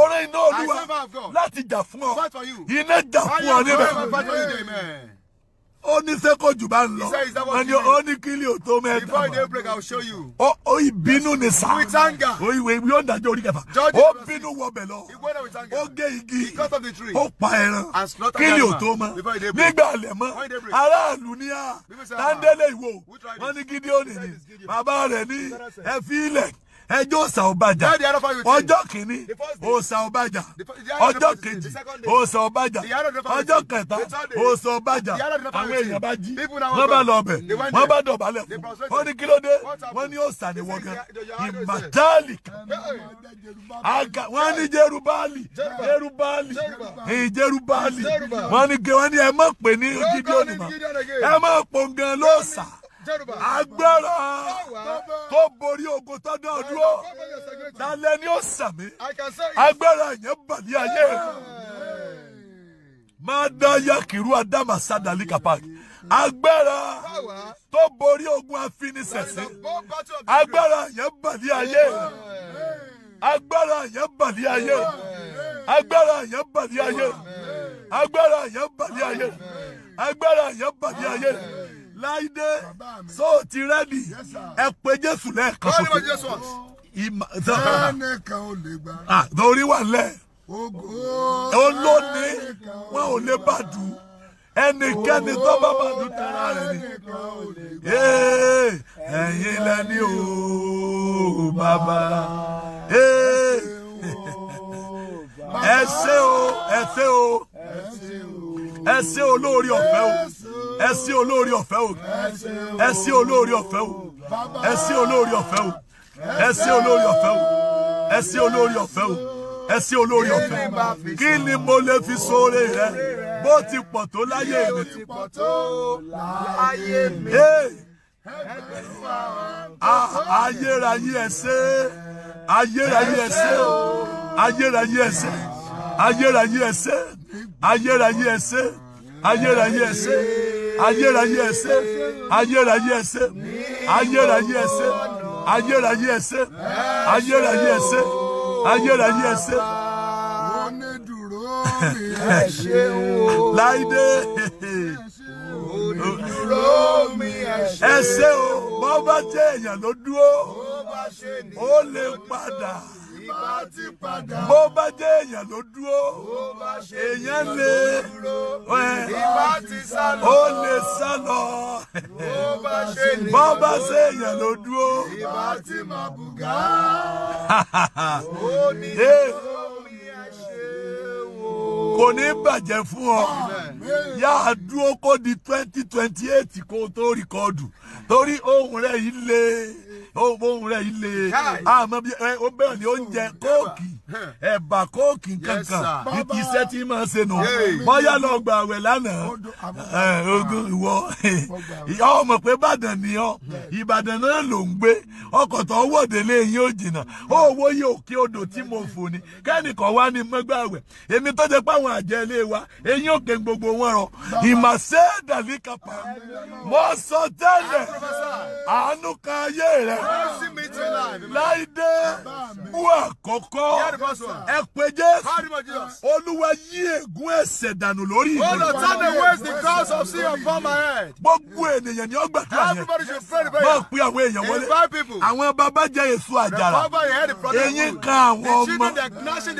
orí iná olúwa láti jà fún ọ iná jà fún ọ níbẹ̀ ó ní sẹ́kọ̀ jù bá ń lọ wọ́n ní ó ní kílí ò tó mẹ́ta mọ́ ó ìbínú ni sá ó ìwé yóò dájọ́ orí kẹfà ó bínú wọbẹ̀ lọ ó gé igi ó pa ẹran kílí ò tó mọ́ nígbà alẹ́ mọ́ aráàlú ní à tándélé ìwò wọ́n ní Gídíọ́nì ni bàbá rẹ̀ ní ẹ fi ilẹ̀ ẹjọ́ òòsà ọ̀bàjà ọjọ́ kìíní òòsà ọ̀bàjà ọjọ́ kejì òòsà ọ̀bàjà ọjọ́ kẹta òòsà ọ̀bàjà àwọn èèyàn bá jí wọ́n bá lọ ọbẹ̀ wọ́n bá dọ̀bálẹ̀ fún wọ́n ní kílódé wọ́n ní òòsà ni wọ́n gan ìmàtálì wọ́n ní jerubali jerubali jerubali wọ́n ní ẹ má pè ní jíjọ́ nìmọ̀ ẹ má pòǹgàn lóòsà agbára tó borí ogun tó náà dúró lálẹ́ ni ó sàmì agbára yẹn bàlẹ́ ayé máa dá yakiru adama sadali kapaki agbára tó borí ogun afinisẹ̀sẹ̀ agbára yẹn bàlẹ́ ayé agbára yẹn bàlẹ́ ayé agbára yẹn bàlẹ́ ayé agbára yẹn bàlẹ́ ayé agbára yẹn bàlẹ́ ayé láìdé so ti rẹ́dì ẹ pé jésù lẹ́ẹ̀kan ṣoṣo ìmọ̀ ẹnìkan ah, ò lè gbà. àtọ́rí ah, wà lẹ̀ ó lónìí wọn ò lè bá dùn ẹnikẹ́ni tó bá bá dùn tẹ̀ra rẹ̀ ni ẹ̀yin lẹ́ni o bàbá ẹ ṣé o ẹ ṣé o ẹ ṣé olóore ọ̀fẹ́ o ẹ ṣé olóore ọ̀fẹ́ o ẹ ṣé olóore ọ̀fẹ́ o ẹ ṣé olóore ọ̀fẹ́ o ẹ ṣé olóore ọ̀fẹ́ o ẹ ṣé olóore ọ̀fẹ́ o ẹ ṣé olóore ọ̀fẹ́ kí ni mo lè fi sóore rẹ bó ti pọ̀ tó láyé mi. ayérayé ẹ ayérayé ẹ ayérayé ẹ ayérayé ẹsẹ ayérayé ẹsẹ ayérayé ẹsẹ ayérayé ẹsẹ ayérayé ẹsẹ ayérayé ẹsẹ ayérayé ẹsẹ ayérayé ẹsẹ ayérayé ẹsẹ. láìdé ẹsẹ o bọ́ bá jẹ́ èèyàn ló dúró ó lè padà bó bá jẹ́ èèyàn ló dúró èèyàn lè ó lè sá lọ bó bá ṣe èèyàn ló dúró. kò ní bàjẹ́ fún ọ. yáa dúró kó di twenty twenty eight kó tó rìkọ́dù torí ohun rẹ̀ yìí le ohun rẹ̀ yìí le àmọ́ ó bẹ̀rẹ̀ ní oúnjẹ kóòkì ẹ̀bà kóòkì kankan iṣẹ́ tí máa ṣe nù bóyá lọ gbà wẹ̀ lánàá ogun ah. ìwọ ọmọ pé ni ọ Ìbàdàn náà ló ń gbé ọkọ̀ tó wọ̀dé léyìn ó jìnnà ó wóye òkè odò tí mo fò kẹ́nìkan wá ní mọ́gbà wẹ̀ èmi tó jẹ́ pé gbogbo wẹ̀rọ ìmàṣẹ́ dàlíkàpà mo sọ tẹ́lẹ̀ àánú kan ayé rẹ̀ láìdé bú àkọ́kọ́ ẹ pé Jésù olúwa yí ègún ẹ̀ṣẹ̀ dànù lórí ìgbẹ́ gbogbo ènìyàn ni ó gbàdúrà yẹn máa pe àwọn èèyàn wọlé àwọn bàbá jẹ èso àjàrà eyín kan àwọn ọmọ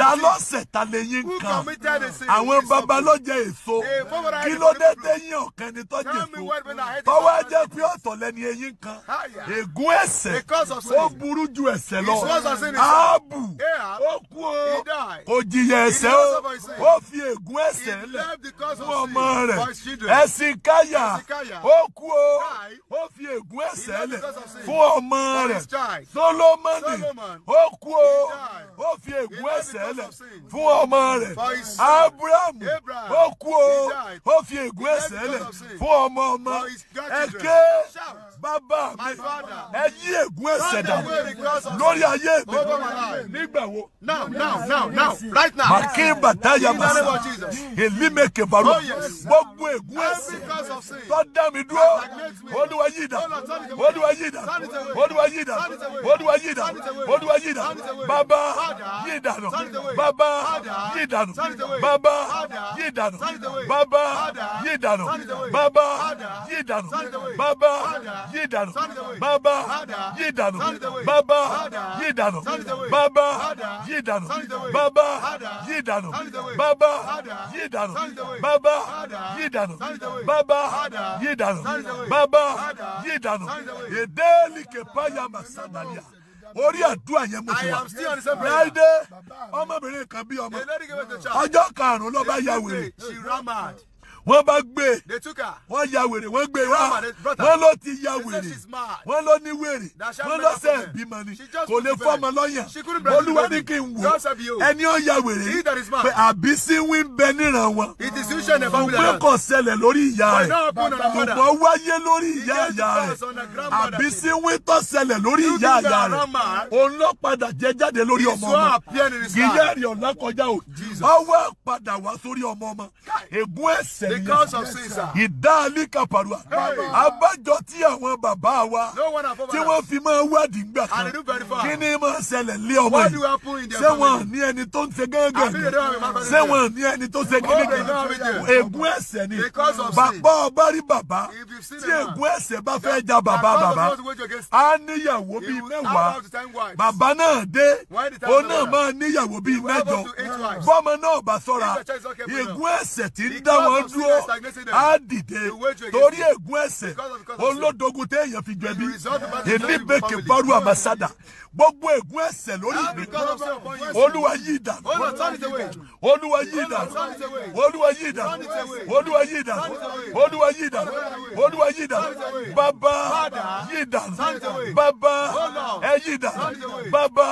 ta lọ́sẹ̀ ta lè yín kan àwọn bàbá ló jẹ èso kí ló dé téyìn ọ̀kan ni tó jẹ fún tọ́wọ́ ajẹ́ pé ọ̀tọ̀ lẹ́ni eyín kan ègún ẹ̀ṣẹ̀ ó burú ju ẹ̀ṣẹ̀ lọ ààbù ó kú o kò jìyà ẹ̀ṣẹ̀ o ó fi ègún ẹ̀ṣẹ̀ lẹ̀ fún ọmọ rẹ̀ ẹ̀sìn káyà ó kú o ó fi ègún ẹ̀ṣẹ̀ lẹ̀ fún ọmọ rẹ̀ Sólómọ́nì ó kú o ó fi ègún ẹ̀ṣẹ̀ lẹ̀ fún ọmọ rẹ̀ Ábúráhámù ó kú o ó fi ègún ẹ̀ṣẹ̀ lẹ̀ fún ọmọ ọmọ ẹ bàbá mi ẹ yí ègún ẹ̀ṣẹ̀ dànù lórí ayé mi nígbà wo. now now now now right now. màkì bàtà yamasa èlímẹ̀ kẹbàrú gbogbo ègún ẹ̀ṣẹ̀ tó dá mi dúró olúwa yí dà olúwa yí dà olúwa yí dà olúwa yí dà olúwa yí dà bàbá yí dànù bàbá yí dànù bàbá yí dànù bàbá yí dànù bàbá yí dànù bàbá yí dànù bàbá yí dànù bàbá yí dànù bàbá yí dànù bàbá yí dànù bàbá yí dànù bàbá yí dànù bàbá yí dànù bàbá yí dànù èdèlì kẹpáyà màsàdàlíà orí àdúrà yẹn mo ti wà láìdé ọmọbìnrin kan bí ọmọ ọjọ́ karùn-ún ló bá wèrè wọ́n bá gbé wọ́n ya wèrè wọ́n gbé wá wọ́n ló ti ya wèrè wọ́n ló ní wèrè wọ́n ló sẹ́ bímọ ni kò lè fọ́mọ lọ́yàn olúwa ní kí n wò ẹni ó ya wèrè pé àbí síwí ń bẹ níran wọn ṣùgbọ́n kò ṣẹlẹ̀ lórí ìyá rẹ̀ ṣùgbọ́n wáyé lórí ìyá ìyá rẹ̀ àbí síwí tó ṣẹlẹ̀ lórí ìyá ìyá rẹ̀ òun ló padà jẹ jáde lórí ọmọ ọmọ gíyẹ́rì ọ̀nà kọjá o ọwọ́ padà wá sórí ọmọ ọmọ ègún ẹ̀sẹ̀ because of sin sir. ìdáàlíkà parua abájọ tí àwọn bàbá wa tí wọ́n fi máa wádìí gbà kan kí ni máa ṣẹlẹ̀ lé ọmọ yìí ṣé wọn ní ẹni tó ń ṣe gángan ṣé wọn ní ẹni tó ṣe gángan ègún ẹ̀ṣẹ̀ ni bàbá ọba rí bàbá tí ègún ẹ̀ṣẹ̀ bá fẹ́ ja bàbá bàbá á níyàwó bíi mẹ́wàá bàbá náà dé òun náà máa níyàwó bíi mẹ́jọ bọ́mọ náà bá ṣọ́ra ègún ẹ̀ṣẹ̀ tí ń dá wọn dúró dúró á dìde torí ègún ẹ̀ṣẹ̀ olódogun téèyàn fi jẹ̀bi ìlíbeke bọ́rú àmàsádà gbogbo ègún ẹ̀ṣẹ̀ lórí mi olúwa yí ìdà olúwa yí ìdà olúwa yí ìdà olúwa yí ìdà olúwa yí ìdà olúwa yí ìdà bàbá yí ìdà bàbá ẹ yí ìdà bàbá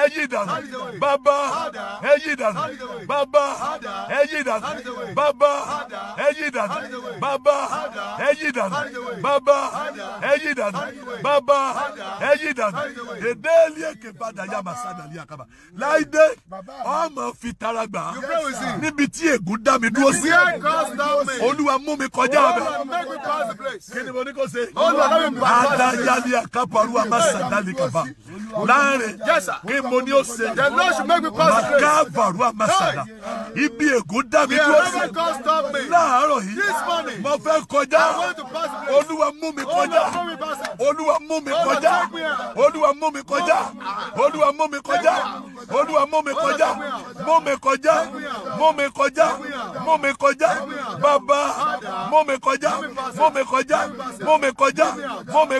ẹ yí ìdà bàbá ẹ yí ìdà bàbá ẹ yí ìdà bàbá ẹ yí dànù bàbá ẹ yí dànù bàbá ẹ yí dànù bàbá ẹ yí dànù dèdè elieke padà yà máa sádà lé àkàbà láìdé ọmọ fi tara gbà níbi tí ègún dá mi dúró sí olúwa mú mi kọjá abẹ kí ni mo ní kó ṣe adayali akaparu amasandali kaba láàrin kí mo ní ó ṣe makabaru amasada ibi ègún dá mi dúró sí láàárọ̀ yìí mo fẹ́ kọjá olúwa mú mi kọjá olúwa mú mi kọjá olúwa mú mi kọjá olúwa mú mi kọjá olúwa mú mi kọjá mú mi kọjá mú mi kọjá mú mi kọjá bàbá mú mi kọjá mú mi kọjá mú mi kọjá mú mi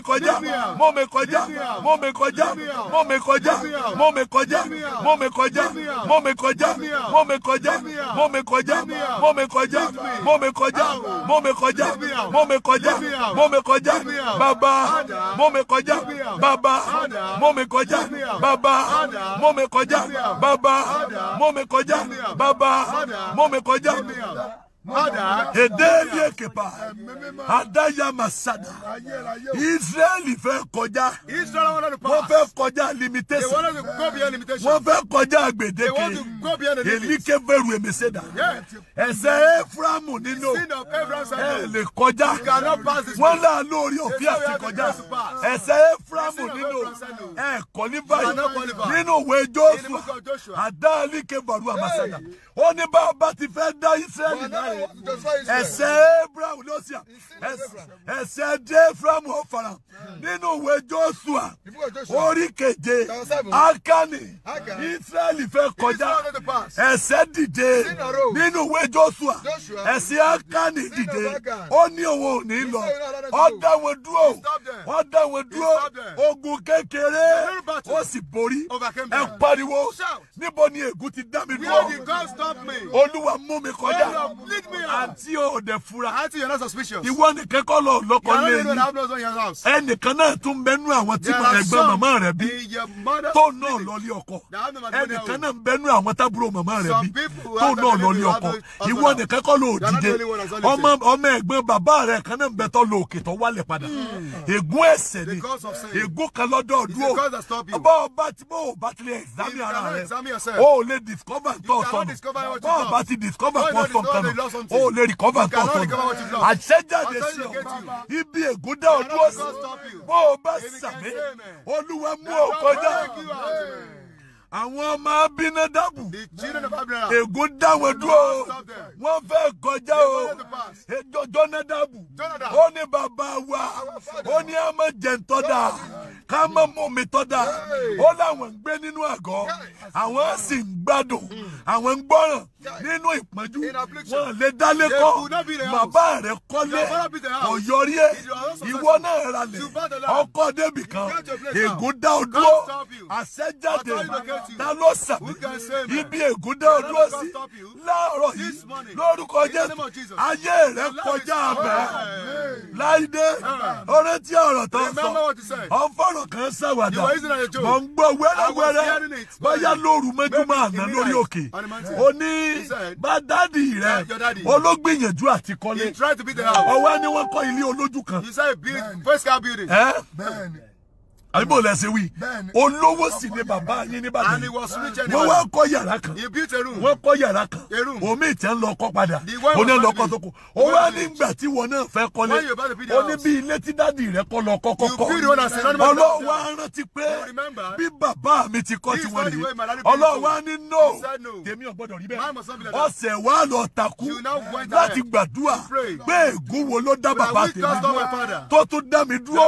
kọjá mú mi kọjá mú mi kọjá mú mi kọjá mú mi kọjá mú mi kọjá mú mi kọjá mú mi kọjá mú mi kọjá mú mi kọjá mo mi kọjá mo mi kọjá mo mi kọjá mo mi kọjá bàbá mo mi kọjá bàbá mo mi kọjá bàbá mo mi kọjá bàbá mo mi kọjá bàbá mo mi kọjá. Ada edelie kepa adaya masada Israeli fẹ́ kọjá wọ́n fẹ́ kọjá limitation wọ́n fẹ́ kọjá gbèdéke elike veru emeseda ẹsẹ̀ efraimu nínú ẹ lè kọjá wọ́n là lórí òfin àti kọjá ẹsẹ̀ efraimu nínú ẹ kọ ní báyìí nínú ìwé Joshua adalike veru amasada ó ní bá a bá ti fẹ́ dá Israeli náà ẹ̀ṣẹ̀ abraham ló ṣe ẹ̀ṣẹ̀ dé abraham ọ̀fàrà nínú ìwé joshua orí keje akani israeli fẹ́ kọjá ẹ̀ṣẹ̀ dìde nínú ìwé joshua ẹ̀ṣẹ̀ akani dìde ó ní òun ò ní lọ ó dá wọn dúró ó dá wọn dúró ogun kékeré ó sì borí ẹ pariwo níbo ni ègún ti dá mi dúró olúwa mú mi kọjá àǹtí o dẹ̀ fura. àǹtí you're not suspicious. ìwọ nìkan kọ́ lọ lọ́kọ lé yín. ẹnìkan náà tún bẹnu àwọn tí ẹ̀gbọ́n màmá rẹ̀ bí tó náà lọ́lé ọkọ. ẹnìkan náà bẹnu àwọn tábúrò màmá rẹ̀ bí tó náà lọ́lé ọkọ. ìwọ nìkan kọ́ lọ òdìdé. ọmọ ẹ̀gbọ́n bàbá rẹ̀ kan náà bẹ tọ́ lọ òkè tó wálẹ̀ padà. Hmm. ègún ẹ̀sẹ̀ ni ègún kan lọ́dọ̀ dúró. bọ́ ọba tí mo bá tilẹ̀ examine ara rẹ̀ o ò lè discover tó sọnù. bọ́ ọba ti discover tó sọnù o oh, lè rìkọ́fà tọ̀tọ̀ àṣẹjáde sí ọ ibi ègúndà ọdún ọ̀sán bó o bá sàmì olúwa mú ọ kọjá àwọn ọmọ abinadabu ègún dáwọn dúró wọn fẹ́ kọjá o ejò jonadabu ó ní bàbá wa ó ní àmọ́ jẹ̀ntọ́dà ká mọ́ mọ́mi tọ́dà ó láwọn ń gbé nínú àgọ́ àwọn sì ń gbádùn hmm. àwọn ń gbọ́ràn nínú ìpọ́njú wọn lè dálé kọ́ bàbá rẹ̀ kọ́lé ọ̀yọ́rí ẹ̀ ìwọ náà ralẹ̀ ọkọ̀ débìkan ègún dá ọ dúró àṣẹ ta ló sàmì ibi ègúndé odúró sí láàárọ̀ yìí lórúkọ Jésù ayé rẹ kọjá abẹ́ láìdé orin tí ọ̀rọ̀ tó ń sọ ọ̀fọ̀rọ̀ kan ṣàwàdà mọ̀ ń gbọ́ wẹ́rẹ́wẹ́rẹ́ bóyá lóru mẹ́júmọ́ àná lórí òkè o ní bá dádì rẹ olóògbìyànjú àti kọ́lé ọwọ́ ni wọ́n kọ́ ilé olójú kan. he said build first car building. Eh? àbí bò lẹ́sẹ̀ wí olówó sì ni bàbá yín ní Ìbàdàn wọ́n wá kọ́ yàrá kan wọ́n kọ́ yàrá kan omi ìtẹ́ ń lọ kọ́ padà ó ní lọ kọ́ tó kù ó wá nígbà tí wọn náà fẹ́ kọ́lé ó ní bí ilé tí dádì rẹ̀ kọ́ lọ kọ́kọ́ kọ́ ọlọ́wọ́ á rántí pé bí bàbá mi ti kọ́ tiwọn nìyí ọlọ́wọ́ á ní no tèmi ò gbọ́dọ̀ rí bẹ́ẹ̀ ọ̀sẹ̀ wa lọ takú láti gbàdúrà pé ègún wo ló dá bàbá tèmi dúró tó tún dá mi dúró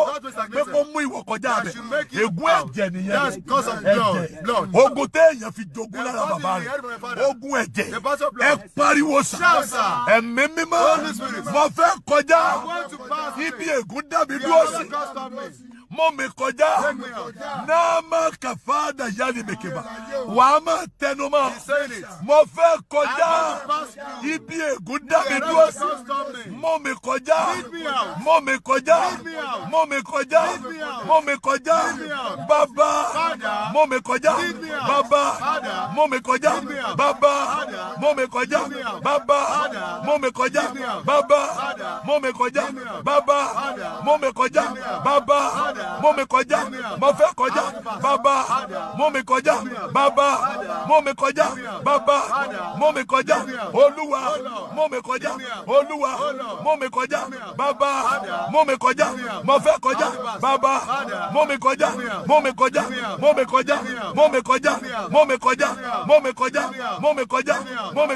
pé kó mú ìwọ kọjá rẹ̀ ègún ẹ̀jẹ̀ nìyẹn ẹ̀jẹ̀ ogun tẹ èèyàn fi jogún lára bàbá rẹ̀ ogun ẹ̀jẹ̀ ẹ pariwo sà ẹ̀mí mímọ́ mo fẹ́ kọjá ibi ègún dàbí dúró sí mọ́ mi kọjá náà má kàfáàdà yáni mèkébà wàá má tẹnumọ́ mo fẹ́ kọjá ibi ègún dá mi dúró sí mọ́ mi kọjá mọ́ mi kọjá mọ́ kọjá mọ́ kọjá bàbá mọ́ kọjá bàbá mọ́ kọjá bàbá mọ́ kọjá bàbá mọ́ kọjá bàbá mọ́ kọjá bàbá mọ́ kọjá bàbá mú mi kọjá mo fẹ́ kọjá bàbá mú mi kọjá bàbá mú mi kọjá bàbá mú mi kọjá olúwa mú mi kọjá olúwa mú mi kọjá bàbá mú mi kọjá mo fẹ́ kọjá bàbá mú mi kọjá mú mi kọjá mú mi kọjá mú mi kọjá mú mi kọjá mú mi kọjá mú mi kọjá mú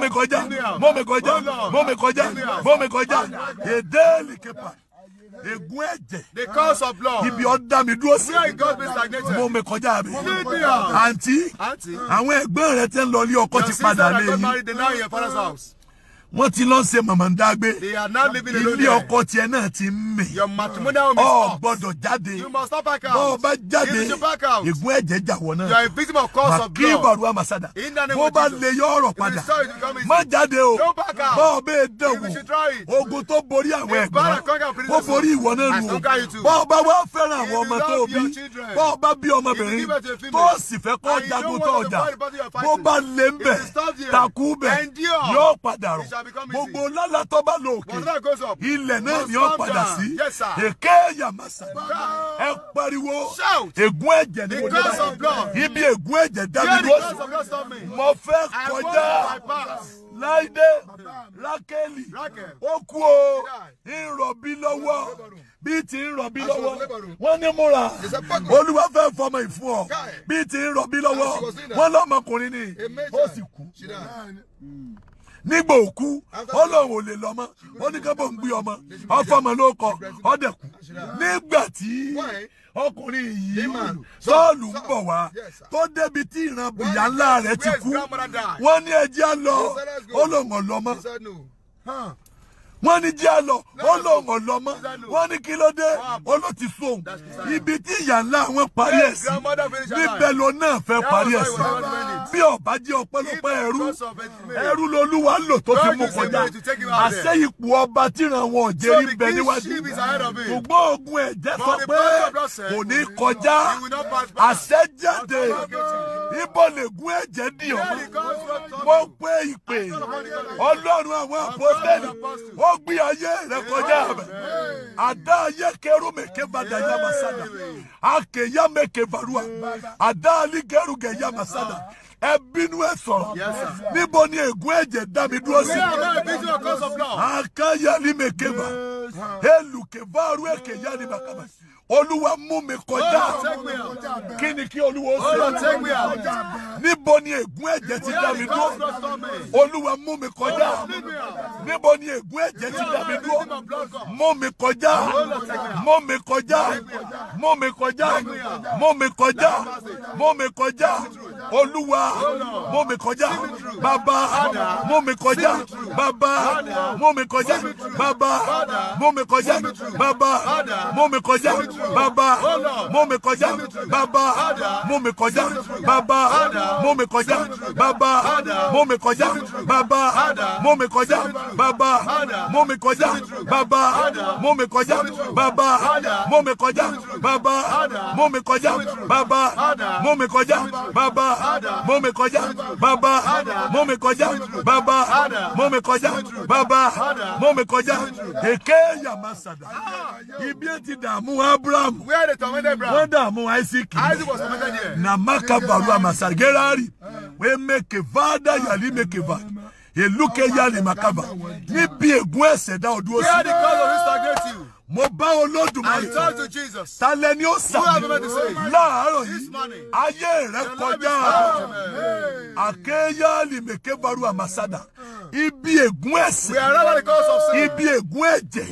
mi kọjá mú mi kọjá mú mi kọjá mú mi kọjá mú mi kọjá yedeli kepa. Ègún ẹ̀jẹ̀. The cause of blood. Ibi ọ̀dá mi dúró sí. Where God be stagnated. Mo mi kọjá mi. me out. Àǹtí. Àǹtí. Àwọn ẹ̀gbọ́n rẹ tẹ́ ń lọ ilé ọkọ ti padà lé Your sister that got married dey now in your father's house wọ́n ti lọ ṣe mọ̀mọ́dá gbé ilé ọkọ tiẹ̀ náà ti ń mì ọ gbọ́dọ̀ jáde bọ́ ọ bá jáde ègún ẹ̀jẹ̀ jàwọ́ náà bàkí ìbọ̀rù àmàsádà bó bá lè yọ ọ̀rọ̀ padà má jáde o bọ́ ọ bẹ́ẹ̀ dẹ̀wò ogun tó borí àwọn ẹ̀gbọ́n ó borí ìwọ náà nù o bọ́ ọ bá wá fẹ́ràn àwọn ọmọ tó bí bọ́ ọ bá bí ọmọbìnrin tó sì fẹ́ kọ́ jagun tó ọjà bó bá lè ń bẹ̀ takú bẹ̀ yóò padà rọ̀ gbogbo lálá tó bá lò òkè ilẹ̀ náà ni ó padà sí èké yamasa ẹ pariwo ègún ẹ̀jẹ̀ ni mo dára ibi ègún ẹ̀jẹ̀ dábí lọ́sùn mo fẹ́ kọjá láìdé rákẹ́lì ó kú o ìrọ̀bí lọ́wọ́ bí ti ń rọ̀bí lọ́wọ́ wọ́n ní múra olúwa fẹ́ fọmọ ìfún ọ bí ti ń rọ̀bí lọ́wọ́ wọ́n lọ́mọkùnrin ni ó sì kú nígbà òkú ọlọ́run ò lè lọ mọ́ ó ní kábọ̀ ń gbé ọmọ ọfọmọ ló kọ ọdẹkùn nígbà tí ọkùnrin yìí sọ́ọ̀lù ń bọ̀ wá tó débi tí ìran bùyà ńlá rẹ̀ ti kú wọ́n ní ẹjẹ́ lọ ó lòun ọ̀lọ́mọ́ wọ́n ní jẹ́ àlọ́ ó lóun ọ̀lọ́ mọ́ wọ́n ní kí ló dé ó ah. ló ti sóun ibi tí ìyá ńlá àwọn parí ẹ̀ sí níbẹ̀ ló náà fẹ́ parí ẹ̀ sí bí ọba jẹ́ ọpẹ́lọpẹ́ ẹrú ẹrú lolúwa lò tó fi mú kọjá àṣẹ ọba tíran wọn jẹ́ níbẹ̀ níwájú ṣùgbọ́n ogun ẹ̀jẹ̀ sọ pé kò ní kọjá àṣẹ jáde ẹ̀jẹ̀ dì ọ́ mo ìpè ọlọ́run àwọn àpọ́sẹ́lì tó gbé ayé rẹ kọjá bẹ àdá ayé kẹrù mẹkẹ bàdà yàmà sádà àkèyà mẹkẹ àdá aligẹrùgẹ yàmà ẹ bínú ẹ sọ̀rọ̀ níbo ni ègún ẹ̀jẹ̀ dá mi dúró sí àkàyà ni mẹkẹ bá elùkẹ bá arú ẹkẹ yá ni bàkàbà olúwa mú mi kọjá kí ni kí olúwa ó sọ níbo ni ègún ẹ̀jẹ̀ ti dá mi dúró olúwa mú mi kọjá níbo ni ègún ẹ̀jẹ̀ ti dá mi dúró mú mi kọjá mú mi kọjá mú mi kọjá mú mi kọjá mú mi kọjá olúwa mú mi kọjá bàbá mú mi kọjá bàbá mú mi kọjá bàbá mú mi kọjá bàbá mú mi kọjá. Baba, mú mi kọjá Baba, mú mi kọjá Baba, mú mi kọjá Baba, mú mi kọjá Baba, mú mi kọjá Baba, mú mi kọjá Baba, mú mi kọjá Baba, mú mi kọjá Baba, mú mi kọjá bàbá mú mi kọjá bàbá mú mi kọjá bàbá mú mi kọjá bàbá mú mi kọjá bàbá mú mi kọjá èké yàmásàdà ibi ètí dààmú wa. Abraham. Where they tormented Abraham. When they among Isaac. Isaac was tormented here. Na makabaru amasar gerari. We make vada yali make a vada. Eluke yali makaba. Níbi ègún ẹ̀ṣẹ̀ dá ọdún ó sì. Where the cause of stagnate you mo bá olódùmarè tó ta lẹ ni ó sàmì láàárọ̀ yìí ayé rẹ kọjá àkéyàlì mèkébaru àmàsádà ibi ègún ẹ̀sìn ibi ègún ẹ̀jẹ̀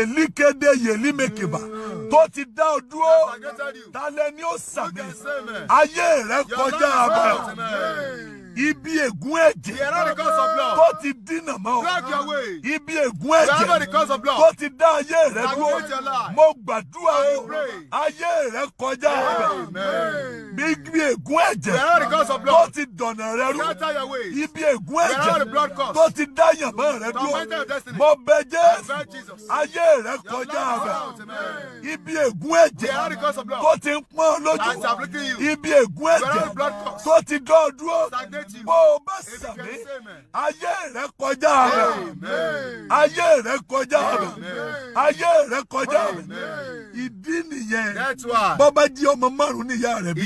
èlíkéde yèlí mèkébà tó ti dá ọ dúró ta lẹ ni ó sàmì ayé rẹ kọjá àbàrà. Hmm. ibi ègún ẹ̀jẹ̀ tó ti dínà mọ́ ọ ibi ègún ẹ̀jẹ̀ tó ti dá ayé rẹ dúró mo gbàdúrà o ayé rẹ kọjá rẹ ibi ègún ẹ̀jẹ̀ tó ti dọ̀nà rẹ rú ibi ègún ẹ̀jẹ̀ tó ti dá yàmọ́ rẹ dúró mo bẹ̀ Jésù ayé rẹ kọjá rẹ ibi ègún ẹ̀jẹ̀ tó ti ń pọ́n lójú ibi ègún ẹ̀jẹ̀ tó ti dọ́ dúró bó o bá sàmì ayé rẹ kọjá rẹ ayé rẹ kọjá rẹ ayé rẹ kọjá rẹ ìdí nìyẹn bọ́bá jí ọmọ márùn níyà rẹ bí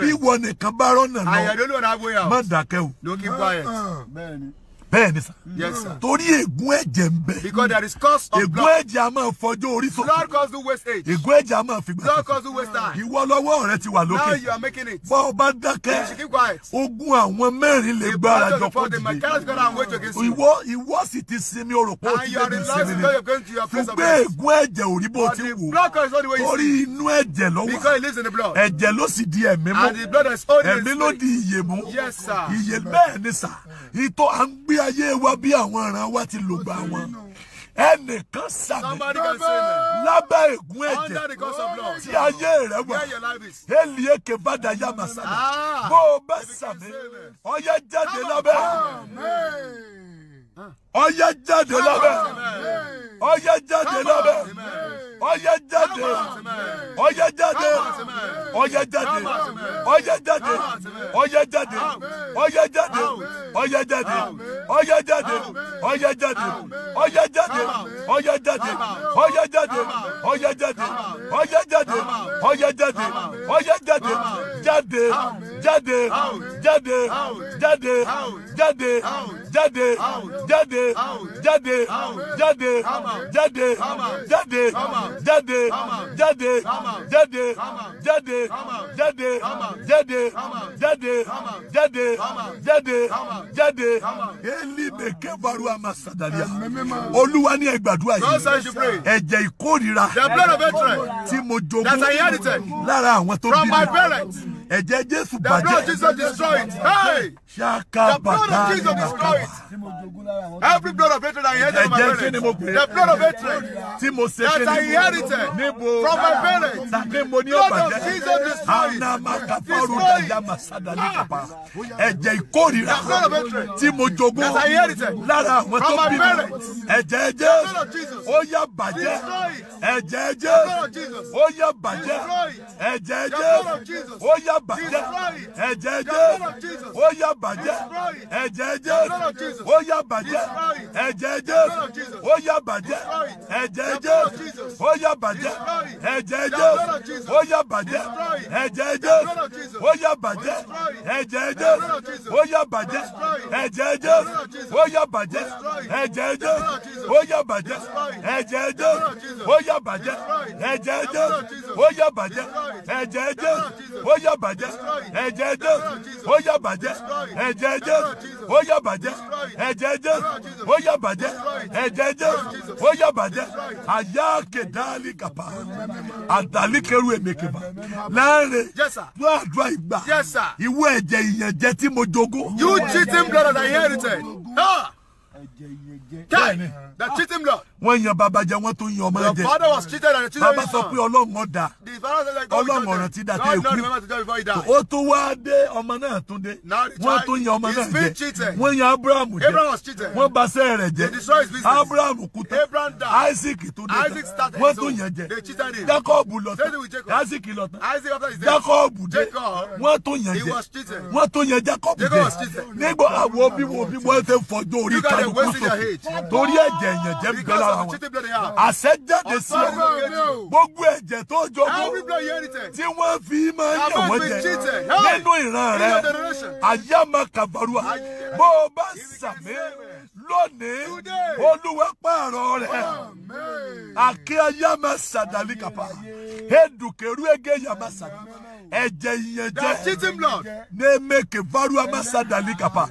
bí wọ nìkan bá rọ́nà lọ má dákẹ́ o bẹ́ẹ̀ ni yes sir. torí ègún ẹ̀jẹ̀ ń bẹ. because there is cost of blood. ègún ẹ̀jẹ̀ a máa fọjọ́ orí sọ. blood cause you waste age. ègún ẹ̀jẹ̀ a máa fi blood cause you waste time. ìwọ lọ́wọ́ rẹ ti wà lókè. now you are making it. bọ́ ọ bá dákẹ́. you should keep quiet. ogun àwọn mẹ́rin lè gba àjọ kó dìde. ìwọ ìwọ sì ti sinmi o rò pé o ti lè di sinmi ni. fúgbẹ́ ègún ẹ̀jẹ̀ ò rí bó ti wù. torí inú ẹ̀jẹ̀ ló wà. because it lives in the blood. ẹ̀jẹ̀ ló sì di ẹ̀mí mú. and the blood is holding the spirit. ẹ̀mí ló di ìyè mú. yes sir. ìyè bẹ́ẹ̀ ni sà. ìtọ́ à ń gbé ayé wa bí àwọn aràn wa ti lògbà wọn ẹnìkan sàmì lábẹ́ ègún ẹ̀jẹ̀ tí ayé rẹ̀ wà eli eke bada yama sàmì ah. bó o bá sàmì ọyẹ jáde lábẹ́ ọyẹ jáde lábẹ́ ọyẹ jáde lábẹ́ ọyẹ jáde ọyẹ jáde ọyẹ jáde ọyẹ jáde ọyẹ jáde ọyẹ jáde ọyẹ jáde ọyẹ jáde ọyẹ jáde ọyẹ jáde ọyẹ jáde ọyẹ jáde ọyẹ jáde ọyẹ jáde ọyẹ jáde ọyẹ jáde jáde jáde jáde jáde jáde jáde jáde jáde jáde jáde jáde jáde jáde jáde jáde jáde jáde jáde jáde jáde jáde jáde elibeke baruwa masadaria olúwa ní ẹgbàdúrà yìí ẹ̀jẹ̀ ìkórira tí mo jogún lára àwọn tó bí mi ẹ̀jẹ̀ Jésù bàjẹ́ ṣàkàbàtà ìnàkàbà every blood of hatred I inherited from my parents the blood of hatred that I inherited from my parents The blood of Jesus destroyed destroyed ẹ̀jẹ̀ ìkórìíra tí mo jogún lára àwọn tó bí mi ẹ̀jẹ̀ ẹ̀jẹ̀ ó yá bàjẹ́ ẹ̀jẹ̀ ẹ̀jẹ̀ ó yá bàjẹ́ ẹ̀jẹ̀ ẹ̀jẹ̀ ó yá bàjẹ́ ẹ̀jẹ̀ ẹ̀jẹ̀ ó yá bàjẹ́ ẹ̀jẹ̀ ẹ̀jẹ̀ ó yá bàjẹ́ bàjẹ́ ẹ̀jẹ̀ Jésù ó yá bàjẹ́ ẹ̀jẹ̀ Jésù ó yá bàjẹ́ ẹ̀jẹ̀ Jésù ó yá bàjẹ́ ẹ̀jẹ̀ Jésù ó yá bàjẹ́ ẹ̀jẹ̀ Jésù ó yá bàjẹ́ ẹ̀jẹ̀ Jésù ó yá bàjẹ́ ẹ̀jẹ̀ Jésù ó yá bàjẹ́ ẹ̀jẹ̀ Jésù ó yá bàjẹ́ ẹ̀jẹ̀ Jésù ó yá bàjẹ́ ẹ̀jẹ̀ Jésù ó yá bàjẹ́ ẹ̀jẹ̀ Jésù ó yá bàjẹ́ ẹ̀jẹ̀ Jésù ó yá bàjẹ́ ẹ̀jẹ̀ Jésù ó yà bàjẹ́ ẹ̀jẹ̀ Jésù ó yà bàjẹ́ àyà kẹdàálì kàpá àdàlí kẹrù èmèkèbà láàrin ló àdúrà ìgbà ìwé ẹ̀jẹ̀ ìyẹ̀jẹ̀ tí mo jogún. You cheating blood that I inherited. Ẹ̀jẹ̀ ìyẹ̀jẹ̀. Kẹ́ni, the cheating blood wọ́n yan bàbá jẹ wọ́n tún yan ọmọ jẹ bàbá sọ pé ọlọ́run ọ̀dà ọlọ́run ọ̀ràn ti dà tẹ́ èkú ó tún wá dé ọmọ náà tún dé wọ́n tún yan ọmọ náà jẹ wọ́n yan abrahamu jẹ wọ́n ba sẹ́ rẹ̀ jẹ abrahamu kú tán isaac tún dé tán wọ́n tún yan jẹ jacob lọ tán isaac lọ tán jacob dé wọ́n tún yan jẹ wọ́n tún yan jacob jẹ nígbà àwọn bí wọ́n bí wọ́n ti fọjọ́ orí kálukú sọ torí ẹ̀jẹ̀ yẹn jẹ́ bẹ́ẹ̀ lára wọn àṣẹjáde sí ọ gbogbo ẹ̀jẹ̀ tó jogún tí wọ́n fi máa ń yàn wọ́n jẹ nínú ìran rẹ àyàmà kàbàrúà bó o bá sàmì lónìí olúwa pààrọ̀ rẹ̀ àkè ayáma sàdálì kàpá edùkèrú ege yàmà sàdálì ẹ̀jẹ̀ ìyẹn jẹ́ ní emeke varua ma sàdálì kàpá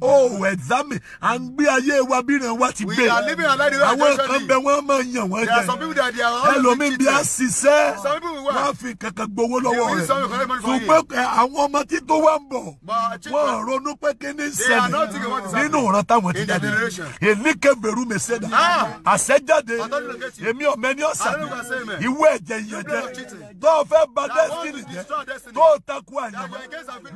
ó examine à ń gbé ayé wa bí ìran wa ti gbé àwọn kan bẹ wọn máa yàn wọn jẹ ẹlòmíì bí a ṣiṣẹ́ wọn fi kankan gbowó lọ́wọ́ rẹ̀ ṣùgbọ́n àwọn ọmọ tító wà ń bọ̀ wọn ronú pé kí ni ṣẹlẹ̀ nínú ìran táwọn ti jáde èlékèbèrú mi ṣẹ̀dá ah! àṣẹjáde èmi ọ̀mẹ́ni ọ̀sàdé ìwé ẹ̀jẹ̀ ìyẹ̀jẹ̀ tó o fẹ́ ba destiny jẹ́ tó o takú àyànmọ́